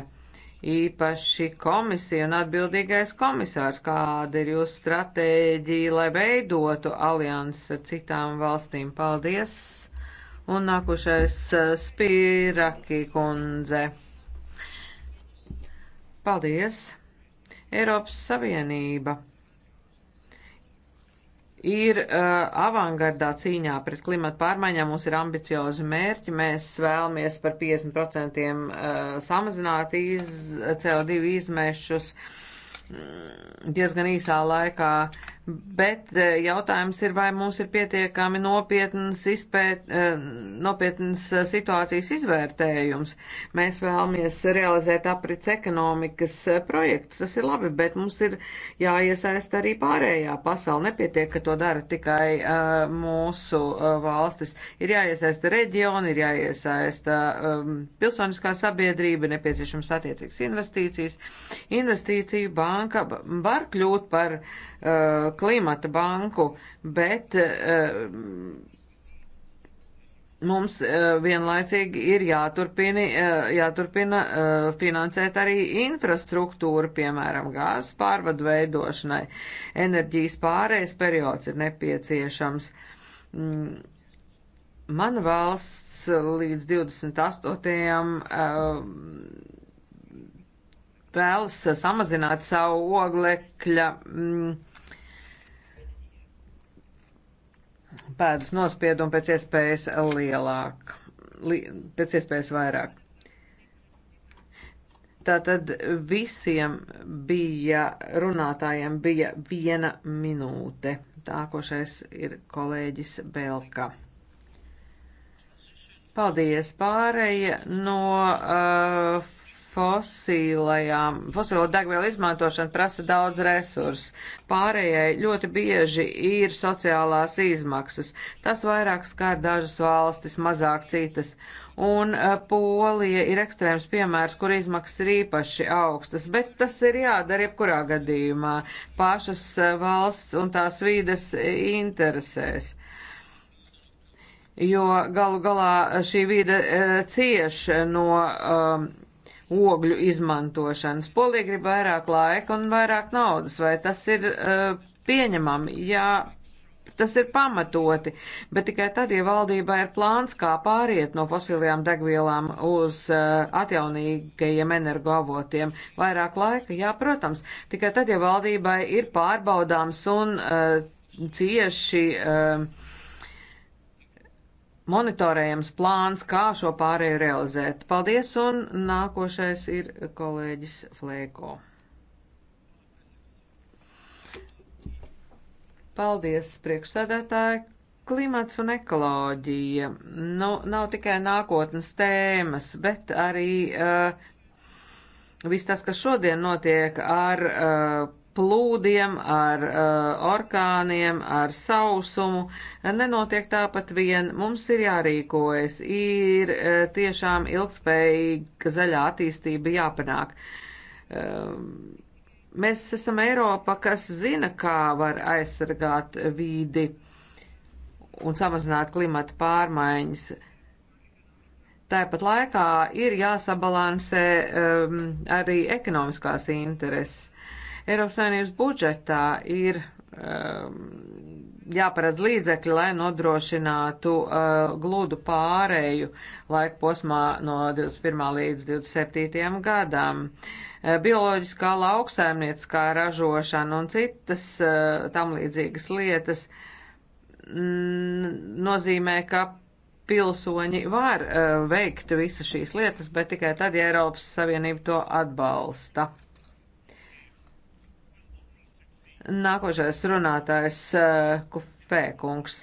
Īpaši komisija un atbildīgais komisārs, kāda ir jūsu stratēģija, lai veidotu alianses ar citām valstīm. Paldies! Un nākošais eh, Spīraki kundze. Paldies! Eiropas Savienība ir uh, avangardā cīņā pret klimatu pārmaiņām. Mums ir ambiciozi mērķi. Mēs vēlamies par 50% uh, eh, samazināt iz, CO2 izmešus mm, diezgan īsā laikā. Uh, Bet eh, jautājums ir, vai mums ir pietiekami nopietnas, izpēt, eh, nopietnas eh, situācijas izvērtējums. Mēs vēlamies realizēt aprits ekonomikas projektus, tas ir labi, bet mums ir jāiesaist arī pārējā pasaule. Nepietiek, ka to dara tikai uh, mūsu uh, valstis. Ir jāiesaista reģioni, ir jāiesaista um, pilsoniskā sabiedrība, nepieciešams attiecīgas investīcijas. Investīciju banka var kļūt par uh, Uh, klimata banku, bet uh, mums uh, vienlaicīgi ir jāturpina, jāturpina finansēt arī infrastruktūru, piemēram, gāzes pārvadu veidošanai. Enerģijas pārējais periods ir nepieciešams. Mm. Mana valsts līdz 28. vēlas samazināt savu oglekļa. Mm, pēdas nospiedumu pēc iespējas lielāk, li, pēc iespējas vairāk. Tātad visiem bija, runātājiem bija viena minūte. Tākošais ir kolēģis Belka. Paldies pārēja no uh, fosilajām, fosilo degvielu izmantošana prasa daudz resursu. Pārējai ļoti bieži ir sociālās izmaksas. Tas vairāk skar dažas valstis, mazāk citas. Un eh, Polija ir ekstrēms piemērs, kur izmaksas ir īpaši augstas, bet tas ir jādara jebkurā gadījumā pašas eh, valsts un tās vīdes eh, interesēs jo galu galā šī vide cieš no um, ogļu izmantošanas. Polija grib vairāk laika un vairāk naudas, vai tas ir uh, pieņemami? Jā, tas ir pamatoti, bet tikai tad, ja valdībā ir plāns, kā pāriet no fosilajām degvielām uz uh, atjaunīgajiem energoavotiem. Vairāk laika, jā, protams, tikai tad, ja valdībai ir pārbaudāms un uh, cieši. Uh, monitorējams plāns, kā šo pārēju realizēt. Paldies, un nākošais ir kolēģis Flēko. Paldies, priekšsēdētāji. Klimats un ekoloģija nu, nav tikai nākotnes tēmas, bet arī uh, viss tas, kas šodien notiek ar uh, plūdiem, ar uh, orkāniem, ar sausumu, nenotiek tāpat vien. Mums ir jārīkojas, ir uh, tiešām ilgspējīga zaļā attīstība jāpanāk. Uh, mēs esam Eiropa, kas zina, kā var aizsargāt vīdi un samazināt klimata pārmaiņas. Tāpat laikā ir jāsabalansē um, arī ekonomiskās intereses. Uh, Eiropas Savienības budžetā ir um, jāparedz līdzekļi, lai nodrošinātu uh, glūdu pārēju laika posmā no 21. līdz 27. gadam. Uh, bioloģiskā lauksaimnieciskā ražošana un citas uh, tam līdzīgas lietas mm, nozīmē, ka pilsoņi var uh, veikt visas šīs lietas, bet tikai tad, ja Eiropas Savienība to atbalsta. Nākošais runātājs eh, Kufēkungs.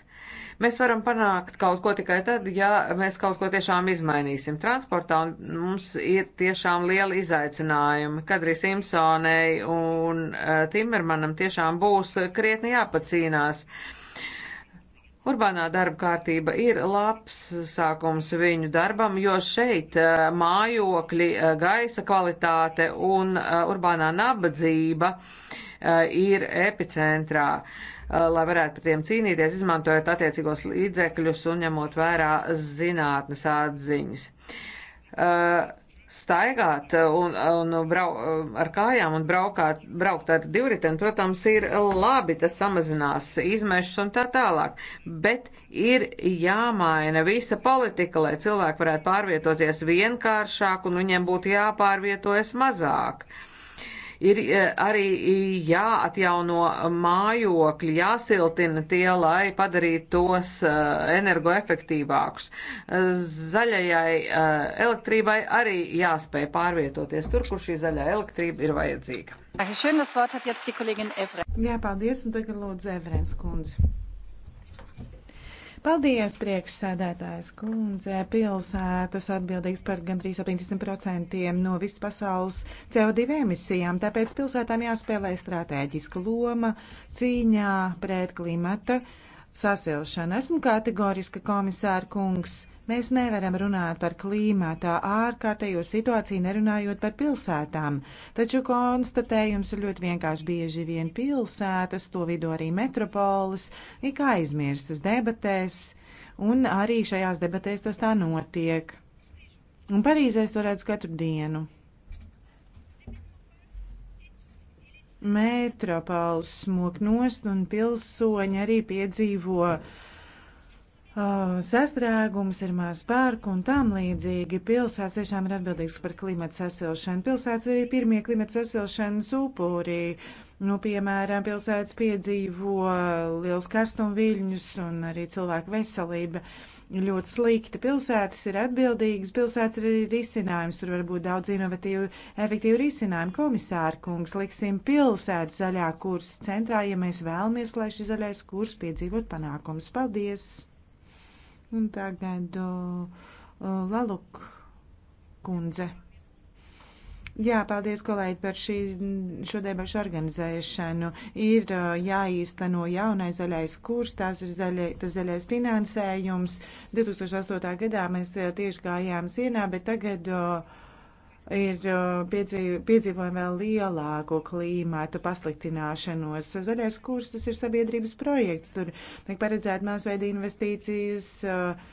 Mēs varam panākt kaut ko tikai tad, ja mēs kaut ko tiešām izmainīsim transportā, un mums ir tiešām liela izaicinājuma. Kadri Simpsonei un eh, Timermanam tiešām būs krietni jāpacīnās. Urbānā darba kārtība ir labs sākums viņu darbam, jo šeit eh, mājokļi, gaisa kvalitāte un urbānā nabadzība uh, Eh, ir epicentrā, eh, lai varētu par tiem cīnīties, izmantojot attiecīgos līdzekļus un ņemot vērā zinātnes atziņas eh, staigāt un, un brau, ar kājām un braukāt, braukt ar divriteni, protams, ir labi, tas samazinās izmešas un tā tālāk, bet ir jāmaina visa politika, lai cilvēki varētu pārvietoties vienkāršāk un viņiem būtu jāpārvietojas mazāk. Uh, Ir e, arī jāatjauno mājokļi, jāsiltina tie, lai padarītu tos e, energoefektīvākus. E, zaļajai elektrībai arī jāspēj pārvietoties tur, kur šī zaļā elektrība ir vajadzīga. Jā, paldies, un tagad lūdzu Evrens kundzi. Paldies, priekšsēdētājs kundze. Pilsētas atbildīgs par gandrīz 70% no visas pasaules CO2 emisijām, tāpēc pilsētām jāspēlē strateģiska loma cīņā pret klimata sasilšanu. Esmu kategoriska komisāra kungs. Mēs nevaram runāt par klīmātā ārkārtējo situāciju, nerunājot par pilsētām. Taču konstatējums ir ļoti vienkārši bieži vien pilsētas, to vidū arī metropolis, ik aizmirstas debatēs, un arī šajās debatēs tas tā notiek. Un Parīzē es to redzu katru dienu. Metropols smok nost un pilsoņi arī piedzīvo uh, Ah, sastrēgums, ir maz pārku un tam līdzīgi. Pilsētas tiešām ir atbildīgs par klimata sasilšanu. Pilsētas ir pirmie klimata sasilšanas upurī. Nu, piemēram, pilsētas piedzīvo liels karstumviļņus un arī cilvēku veselība ļoti slikta. Pilsētas ir atbildīgas, pilsētas ir arī risinājums. Tur var būt daudz inovatīvu, efektīvu risinājumu. Komisāra kungs, liksim pilsētas zaļā kursa centrā, ja mēs vēlamies, lai šis zaļais kurs piedzīvot panākums. Paldies! Un tagad uh, Laluk uh, kundze. Jā, paldies, kolēģi, par šī, šo debašu organizēšanu. Ir uh, jāīsteno jaunais zaļais kurs, tās ir zaļai, tas zaļais finansējums. 2008. gadā mēs uh, tieši gājām sienā, bet tagad. Uh, ir uh, piedzīvojami vēl lielāku klīmētu pasliktināšanos. Zaļais kurs tas ir sabiedrības projekts, tur tiek paredzēt māsveida investīcijas uh,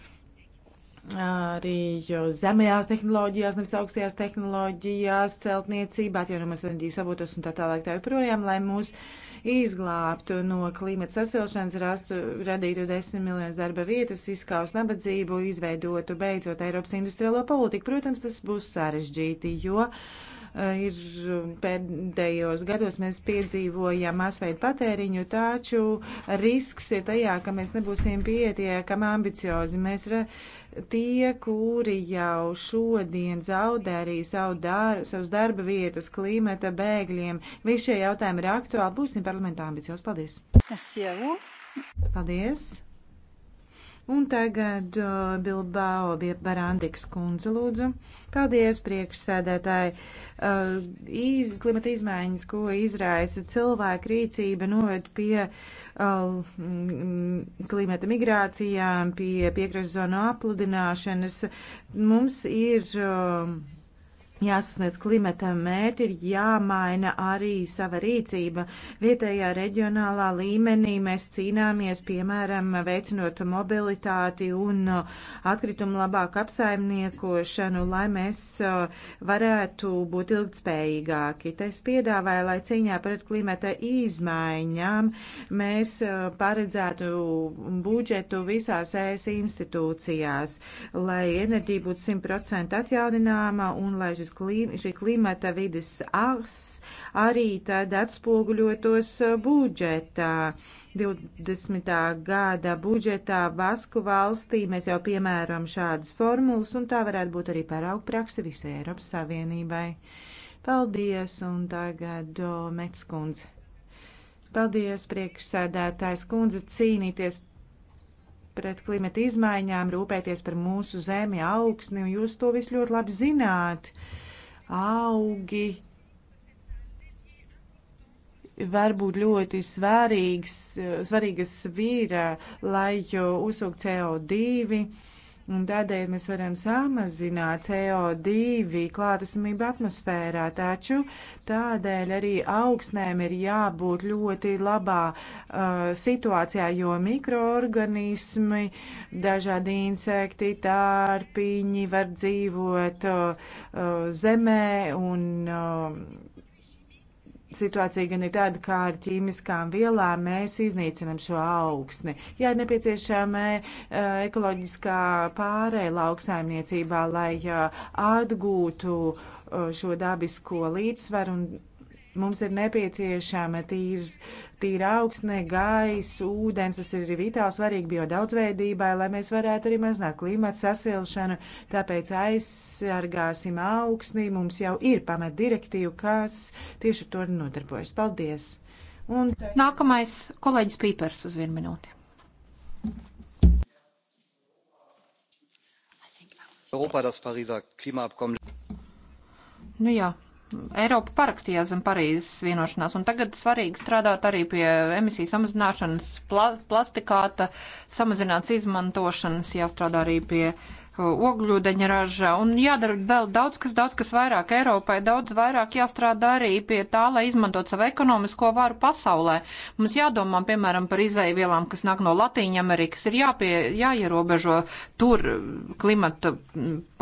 arī zemajās tehnoloģijās, nevis augstajās tehnoloģijās, celtniecībā, atjaunamas enerģijas avotos un tā tālāk tā joprojām, lai mūsu izglābtu no klimata sasilšanas, rastu, radītu desmit miljonus darba vietas, izskaust nabadzību, izveidotu beidzot Eiropas industriālo politiku. Protams, tas būs sarežģīti, jo uh, ir um, pēdējos gados mēs piedzīvojam masveidu patēriņu, taču risks ir tajā, ka mēs nebūsim pietiekami ambiciozi. Mēs tie, kuri jau šodien zaudē arī savu dar, savus darba vietas klimata bēgļiem, visi šie jautājumi ir aktuāli. Būsim parlamentā ambiciozi. Paldies! Paldies! Un tagad uh, Bilbao Barandikas kundze lūdzu. Paldies, priekšsēdētāji. Uh, iz, klimata izmaiņas, ko izraisa cilvēka rīcība, noved pie uh, mm, klimata migrācijām, pie piekrašzonu apludināšanas. Mums ir. Uh, Jāsasniedz klimata mērķi, ir jāmaina arī sava rīcība. Vietējā reģionālā līmenī mēs cīnāmies, piemēram, veicinot mobilitāti un uh, atkritumu labāku apsaimniekošanu, lai mēs uh, varētu būt ilgtspējīgāki. Te es piedāvāju, lai cīņā pret klimata izmaiņām mēs uh, paredzētu budžetu visās ES institūcijās, lai enerģija būtu 100% atjaunināma un lai šis šis klim, šī klimata vides ars arī tad atspoguļotos uh, budžetā. 20. gada budžetā Basku valstī mēs jau piemēram šādas formulas, un tā varētu būt arī paraugprakse visai Eiropas Savienībai. Paldies, un tagad uh, Metskundze. Paldies, priekšsēdētājs kundze, cīnīties pret klimata izmaiņām, rūpēties par mūsu zemi, augsni, un jūs to visu ļoti labi zināt. Augi var būt ļoti svērīgs, svarīgas vīra, lai uzsūk CO2 Un tādēļ mēs varam samazināt CO2 klātesamību atmosfērā, taču tādēļ arī augsnēm ir jābūt ļoti labā uh, situācijā, jo mikroorganismi, dažādi insekti, tārpiņi var dzīvot uh, uh zemē un uh, situācija gan ir tāda, kā ar ķīmiskām vielām mēs iznīcinam šo augsni. Jā, ir nepieciešama eh, ekoloģiskā pārē lauksaimniecībā, lai eh, atgūtu eh, šo dabisko līdzsvaru un Mums ir nepieciešama tīrs, tīra augsne, gaisa, ūdens, tas ir arī vitāli svarīgi biodaudzveidībai, lai mēs varētu arī mazināt klimata sasilšanu. Tāpēc aizsargāsim augsni, mums jau ir pamat direktīva, kas tieši ar to nodarbojas. Paldies! Un... Nākamais kolēģis Pīpers uz vienu minūti. Europa das Pariser Klimaabkommen. Nu jā, Eiropa parakstījās zem Parīzes vienošanās, un tagad svarīgi strādāt arī pie emisiju samazināšanas, pla plastikāta samazināts izmantošanas, jāstrādā arī pie uh, ogļūdeņraža un jādara vēl daudz kas, daudz kas vairāk Eiropai, daudz vairāk jāstrādā arī pie tā, lai izmantot savu ekonomisko varu pasaulē. Mums jādomā, piemēram, par izaivielām, kas nāk no Latīņa Amerikas, ir jāpie, jāierobežo tur klimata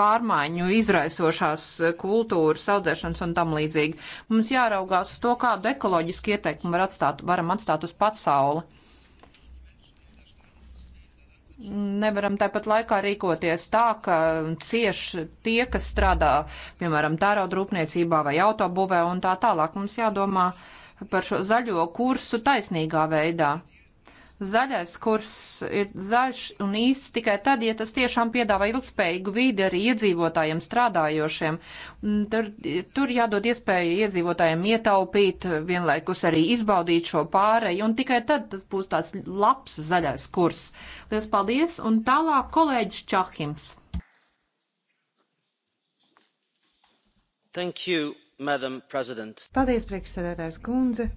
pārmaiņu izraisošās kultūras, audzēšanas un tam līdzīgi. Mums jāraugās uz to, kādu ekoloģisku ieteikumu var atstāt, varam atstāt uz pasauli. nevaram tāpat laikā rīkoties tā, ka cieši tie, kas strādā, piemēram, tērauda rūpniecībā vai autobūvē un tā tālāk. Mums jādomā par šo zaļo kursu taisnīgā veidā. Zaļais kurs ir zaļš un īsts tikai tad, ja tas tiešām piedāvā ilgspējīgu vīdi arī iedzīvotājiem, strādājošiem. Tur, tur jādod iespēja iedzīvotājiem ietaupīt, vienlaikus arī izbaudīt šo pāreju, un tikai tad tas būs tāds labs zaļais kurs. Lielas paldies, un tālāk kolēģis Čahims. Thank you, Madam President. Paldies, priekšsēdētājs kundze.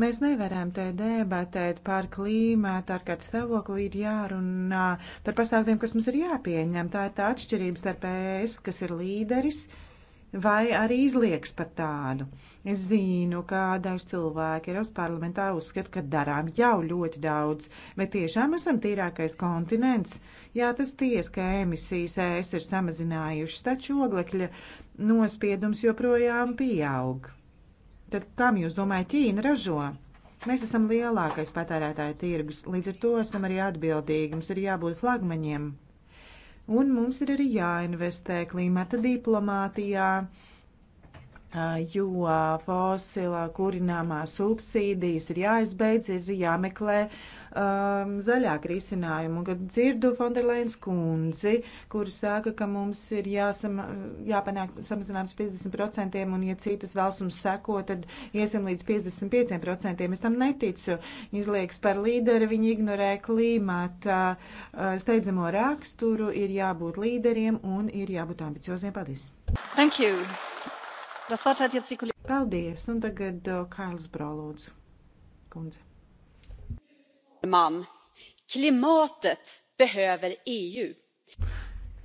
Mēs nevaram te debatēt par klīmētu, ar kādu stāvokli ir jārunā, par pasākumiem, kas mums ir jāpieņem. Tā ir tā atšķirība starp ES, kas ir līderis, vai arī izlieks par tādu. Es zinu, ka daži cilvēki Eiropas parlamentā uzskata, ka darām jau ļoti daudz, bet tiešām esam tīrākais kontinents. Jā, tas ties, ka emisijas ES ir samazinājušas, taču oglekļa nospiedums joprojām pieaug. Tad kam jūs domājat, Ķīna ražo? Mēs esam lielākais patērētāja tirgus, līdz ar to esam arī atbildīgi, mums ir jābūt flagmaņiem. Un mums ir arī jāinvestē klimata diplomātijā, uh, Uh, jo fosilā kurināmā subsīdijas ir jāizbeidz, ir jāmeklē um, zaļāk risinājumu. Kad dzirdu Fonderleins kundzi, kuri saka, ka mums ir jāsama, jāpanāk samazinājums 50% un, ja citas valsts mums seko, tad iesim līdz 55%. Es tam neticu. Izlieks par līderi, viņi ignorē klimata uh, steidzamo raksturu, ir jābūt līderiem un ir jābūt ambicioziem. Paldies! Thank you. Paldies, un tagad uh, Kārls Brālūdzu. Kundze. Man. Klimatet behöver EU.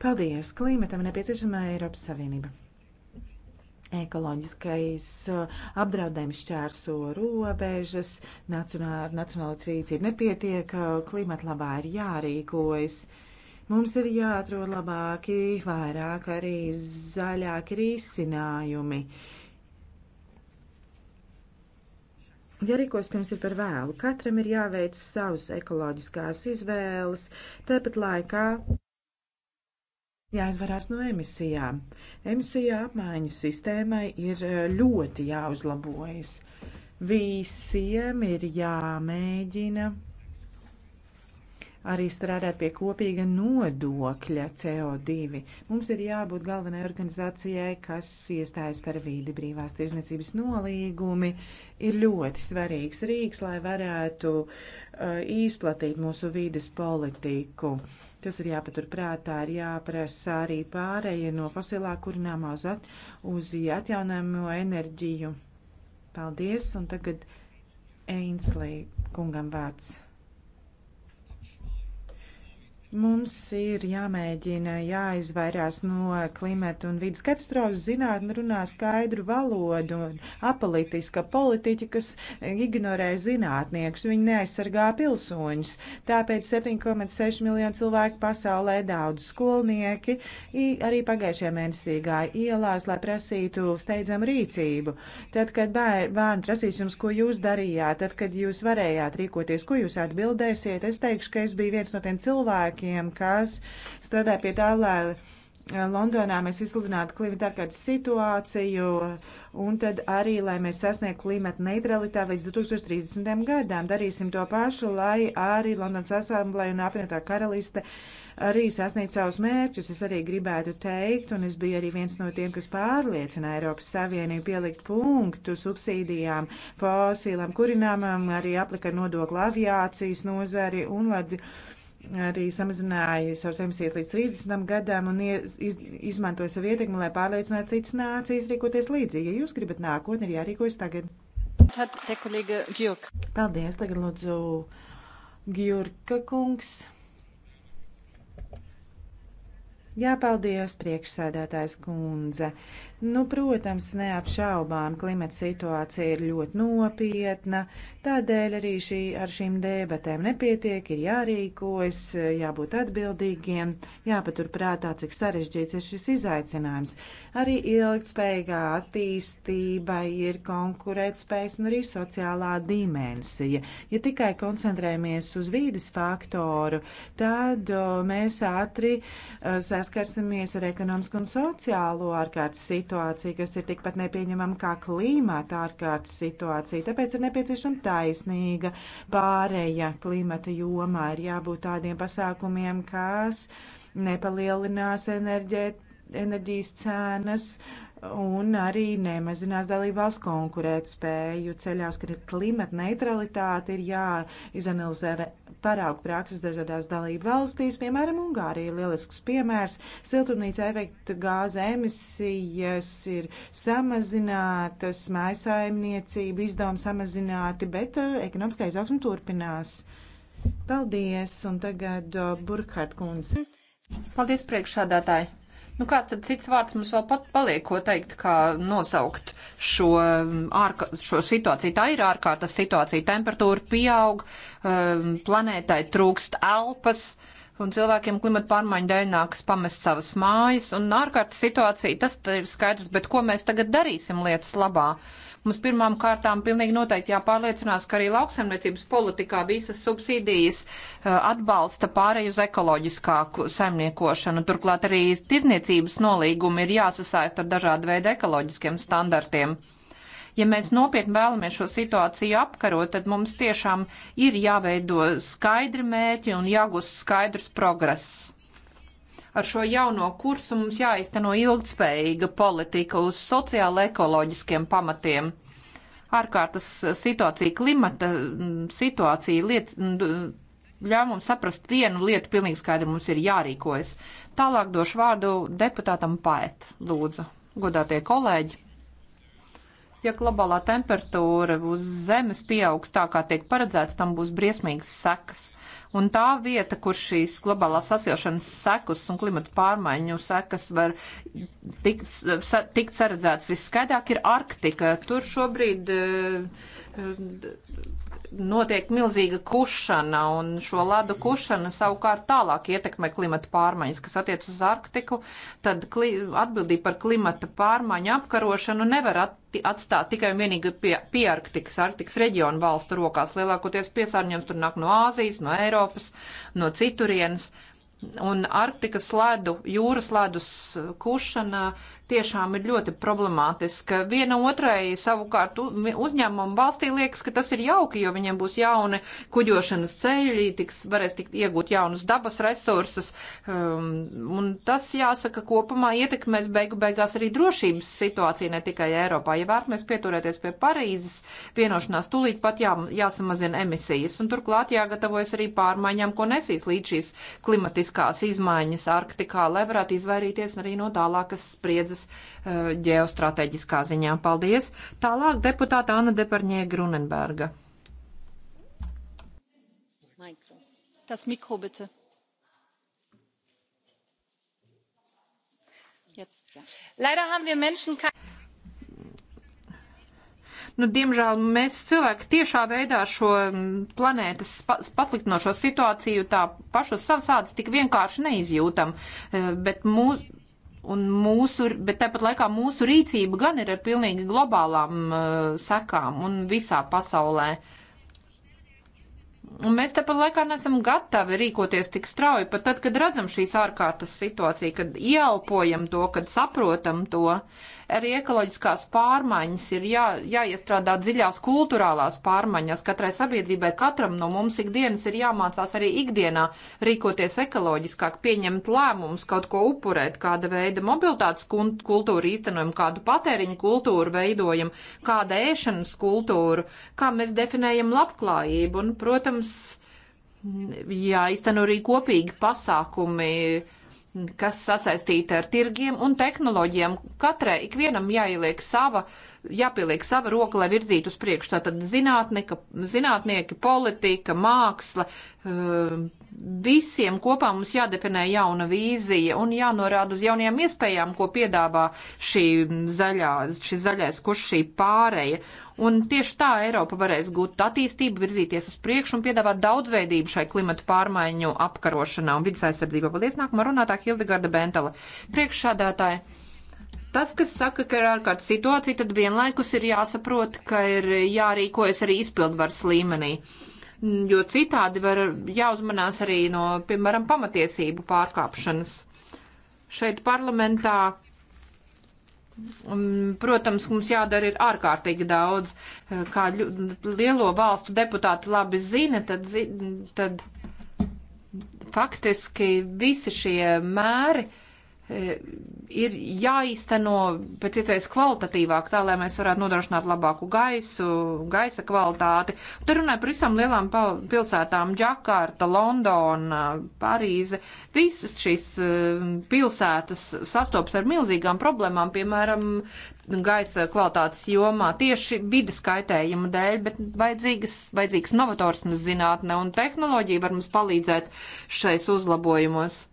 Paldies, klimatam nepieciešama Eiropas Savienība. Ekoloģiskais uh, apdraudējums šķērso robežas, nacionāla rīcība nepietiek, uh, klimata labā ir jārīkojas. Uh, Mums ir jāatrod labāki, vairāk arī zaļāki risinājumi. Ja rīkos pirms ir par vēlu, katram ir jāveic savas ekoloģiskās izvēles, tāpat laikā jāizvarās no emisijām. Emisija apmaiņas sistēmai ir eh, ļoti jāuzlabojas. Visiem ir jāmēģina arī strādāt pie kopīga nodokļa CO2. Mums ir jābūt galvenai organizācijai, kas iestājas par vīdi brīvās tirzniecības nolīgumi. Ir ļoti svarīgs rīks, lai varētu uh, izplatīt mūsu vīdes politiku. Tas ir jāpaturprātā, ir jāprasa arī pārējie no fosilā kurināmā uz, at, uz atjaunojamo enerģiju. Paldies, un tagad Ainslī kungam vārds. Mums ir jāmēģina jāizvairās no klimata un vidas katastrofas. Zinātne runā skaidru valodu un apolitiska politiķa, kas ignorē zinātniekus. Viņi neaizsargā pilsoņus. Tāpēc 7,6 miljonu cilvēku pasaulē daudz skolnieki arī pagājušajā mēnesī gāja ielās, lai prasītu steidzamu rīcību. Tad, kad bērni prasīs jums, ko jūs darījāt, tad, kad jūs varējāt rīkoties, ko jūs atbildēsiet, es teikšu, ka es biju viens no tiem cilvēkiem, cilvēkiem, kas strādā pie tā, lai eh, Londonā mēs izsludinātu klimata ārkārtas situāciju un tad arī, lai mēs sasniegtu klimata neutralitāti līdz 2030. gadām. Darīsim to pašu, lai arī Londonas asamblēja un apvienotā karaliste arī sasniegt savus mērķus. Es arī gribētu teikt, un es biju arī viens no tiem, kas pārliecina Eiropas Savienību pielikt punktu subsīdijām fosīlam kurināmam, arī aplika nodokla aviācijas nozari un lai arī samazināja savus emisijas līdz 30 gadam un iz, iz, izmantoja savu ietekmi, lai pārliecinātu citas nācijas rīkoties līdzīgi. Ja jūs gribat nākotni, ir jārīkojas tagad. Paldies, tagad lūdzu Gjurka kungs. Jā, paldies, priekšsēdētājs kundze. Nu, protams, neapšaubām klimata situācija ir ļoti nopietna, tādēļ arī šī, ar šīm debatēm nepietiek, ir jārīkojas, jābūt atbildīgiem, jāpaturprātā, cik sarežģīts ir šis izaicinājums. Arī ilgtspējīgā attīstība ir konkurētspējas un arī sociālā dimensija. Ja tikai koncentrējamies uz vīdes faktoru, tad o, mēs ātri o, saskarsimies ar ekonomisku un sociālo ārkārtas situāciju situācija, kas ir tikpat nepieņemama kā klimata ārkārtas situācija. Tāpēc ir nepieciešama taisnīga pārēja klimata jomā. Ir jābūt tādiem pasākumiem, kas nepalielinās enerģēt enerģijas cēnas, uh, un arī nemazinās dalībvalsts konkurētspēju. Ceļā uz klimata neutralitāti ir jāizanalizē paraugu prakses dažādās dalībvalstīs, piemēram, Ungārija ir lielisks piemērs. Siltumnīca efekta gāza emisijas ir samazinātas, mājsaimniecība izdevumi samazināti, bet eh, ekonomiskā izaugsme turpinās. Paldies, un tagad eh, Burkhardt kundze. Paldies, priekšādātāji! Nu, kāds tad cits vārds mums vēl pat paliek, ko teikt, kā nosaukt šo, um, ārka, šo situāciju? Tā ir ārkārtas situācija. Temperatūra pieaug, um, planētai trūkst elpas. Un cilvēkiem klimata pārmaiņu dēļ nākas pamest savas mājas, un ārkārtas situācija tas ir skaidrs, bet ko mēs tagad darīsim lietas labā? Uh, Mums pirmām kārtām pilnīgi noteikti jāpārliecinās, ka arī lauksaimniecības politikā visas subsīdijas eh, atbalsta pārēju uz ekoloģiskāku saimniekošanu. Turklāt arī tirniecības nolīgumi ir jāsasaist ar dažādu veidu ekoloģiskiem standartiem ja mēs nopietni vēlamies šo situāciju apkarot, tad mums tiešām ir jāveido skaidri mērķi un jāgūst skaidrs progress. Ar šo jauno kursu mums jāizteno ilgspējīga politika uz sociāla ekoloģiskiem pamatiem ārkārtas situācija, klimata situācija liec, ļauj mums saprast vienu lietu pilnīgi skaidri, mums ir jārīkojas. Tālāk došu vārdu deputātam Paet, lūdzu, godātie kolēģi. Ja globālā temperatūra uz Zemes pieaugs tā, kā tiek paredzēts, tam būs briesmīgas sekas. Un tā vieta, kur šīs globālās sasilšanas sekas un klimata pārmaiņu sekas var tikt tik saredzēts visskaidrāk, ir Arktika. Tur šobrīd. Uh, uh, notiek milzīga kušana, un šo ledu kušana savukārt tālāk ietekmē klimata pārmaiņas, kas attiec uz Arktiku, tad kli, atbildība par klimata pārmaiņu apkarošanu nevar at, atstāt tikai un vienīgi pie, pie Arktikas, Arktikas reģionu valstu rokās. Lielākoties piesārņojums tur nāk no Āzijas, no Eiropas, no citurienes. Uh, Un Arktikas ledu, jūras ledus kušana tiešām ir ļoti problemātiska. Viena otrai savukārt uzņēmumu valstī liekas, ka tas ir jauki, jo viņiem būs jauni kuģošanas ceļi, tiks, varēs tikt iegūt jaunus dabas resursus. Um, un tas, jāsaka, kopumā ietekmēs beigu beigās arī drošības situāciju ne tikai Eiropā. Ja vērtmēs pieturēties pie Parīzes vienošanās, tulīt pat jā, jāsamazina emisijas. Un turklāt jāgatavojas arī pārmaiņām, ko nesīs līdz šīs klimatiskās klimatiskās izmaiņas Arktikā, lai varētu izvairīties arī no tālākas spriedzes eh, ģeostrateģiskā ziņā. Paldies! Tālāk deputāta Anna Deparņē Grunenberga. Mikro. Tas mikro, bitte. Jetzt, ja. Leider haben wir Menschen keine. Nu, diemžēl mēs cilvēki tiešā veidā šo mm, planētas pasliktinošo situāciju tā pašu savas ādas tik vienkārši neizjūtam, e, bet mūs, un mūsu, bet tāpat laikā mūsu rīcība gan ir ar pilnīgi globālām uh, sekām un visā pasaulē. Un mēs tāpat laikā nesam gatavi rīkoties tik strauji, pat tad, kad redzam šīs ārkārtas situāciju, kad ielpojam to, kad saprotam to. Uh, Arī ekoloģiskās pārmaiņas ir jā, jāiestrādā dziļās kultūrālās pārmaiņas. Katrai sabiedrībai, katram no mums ikdienas ir jāmācās arī ikdienā rīkoties ekoloģiskāk, pieņemt lēmumus, kaut ko upurēt, kāda veida mobilitātes kultūru īstenojam, kādu patēriņu kultūru veidojam, kāda ēšanas kultūru, kā mēs definējam labklājību un, protams, jāizteno arī kopīgi pasākumi kas sasaistīta ar tirgiem un tehnoloģijām. Katrai ikvienam jāieliek sava uh, jāpieliek sava roka, lai virzītu uz priekšu. Tātad zinātnieki, politika, māksla, um, visiem kopā mums jādefinē jauna vīzija un jānorāda uz jaunajām iespējām, ko piedāvā šī zaļā, šis zaļais, kurš šī pāreja. Un tieši tā Eiropa varēs gūt attīstību, virzīties uz priekšu un piedāvāt daudzveidību šai klimatu pārmaiņu apkarošanā un vidas aizsardzībā. Paldies, nākamā runātā Hildegarda Bentala. Priekšsādātāji. Tas, kas saka, ka ir ārkārtas situācija, tad vienlaikus ir jāsaprot, ka ir jārīkojas arī izpildvaras līmenī. Jo citādi var jāuzmanās arī no, piemēram, pamatiesību pārkāpšanas. Šeit parlamentā mm, Protams, mums jādara ir ārkārtīgi daudz. Kā lielo valstu deputāti labi zina, tad, zi tad faktiski visi šie mēri uh, E, ir jāīsteno pēc iespējas kvalitatīvāk, tā lai mēs varētu nodrošināt labāku gaisu, gaisa kvalitāti. Tur runāja par visām lielām pilsētām - Džakarta, Londona, Parīze. Visas šīs e, pilsētas sastopas ar milzīgām problēmām, piemēram, gaisa kvalitātes jomā tieši vidas kaitējuma dēļ, bet vajadzīgs novatorismas zinātne un tehnoloģija var mums palīdzēt šais uzlabojumos.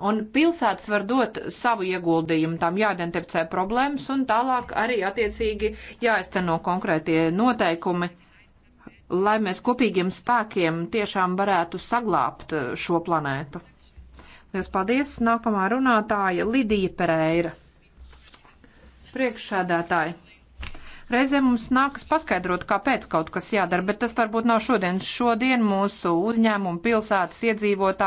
Un pilsētas var dot savu ieguldījumu, tām jāidentificē problēmas un tālāk arī attiecīgi jāizceno konkrētie noteikumi, lai mēs kopīgiem spēkiem tiešām varētu saglābt eh, šo planētu. Lielas paldies! Nākamā runātāja Lidija Pereira. Priekšsēdētāji. Reizē mums nākas paskaidrot, kāpēc kaut kas jādara, bet tas varbūt nav šodien. Šodien mūsu uzņēmumu pilsētas iedzīvotāji.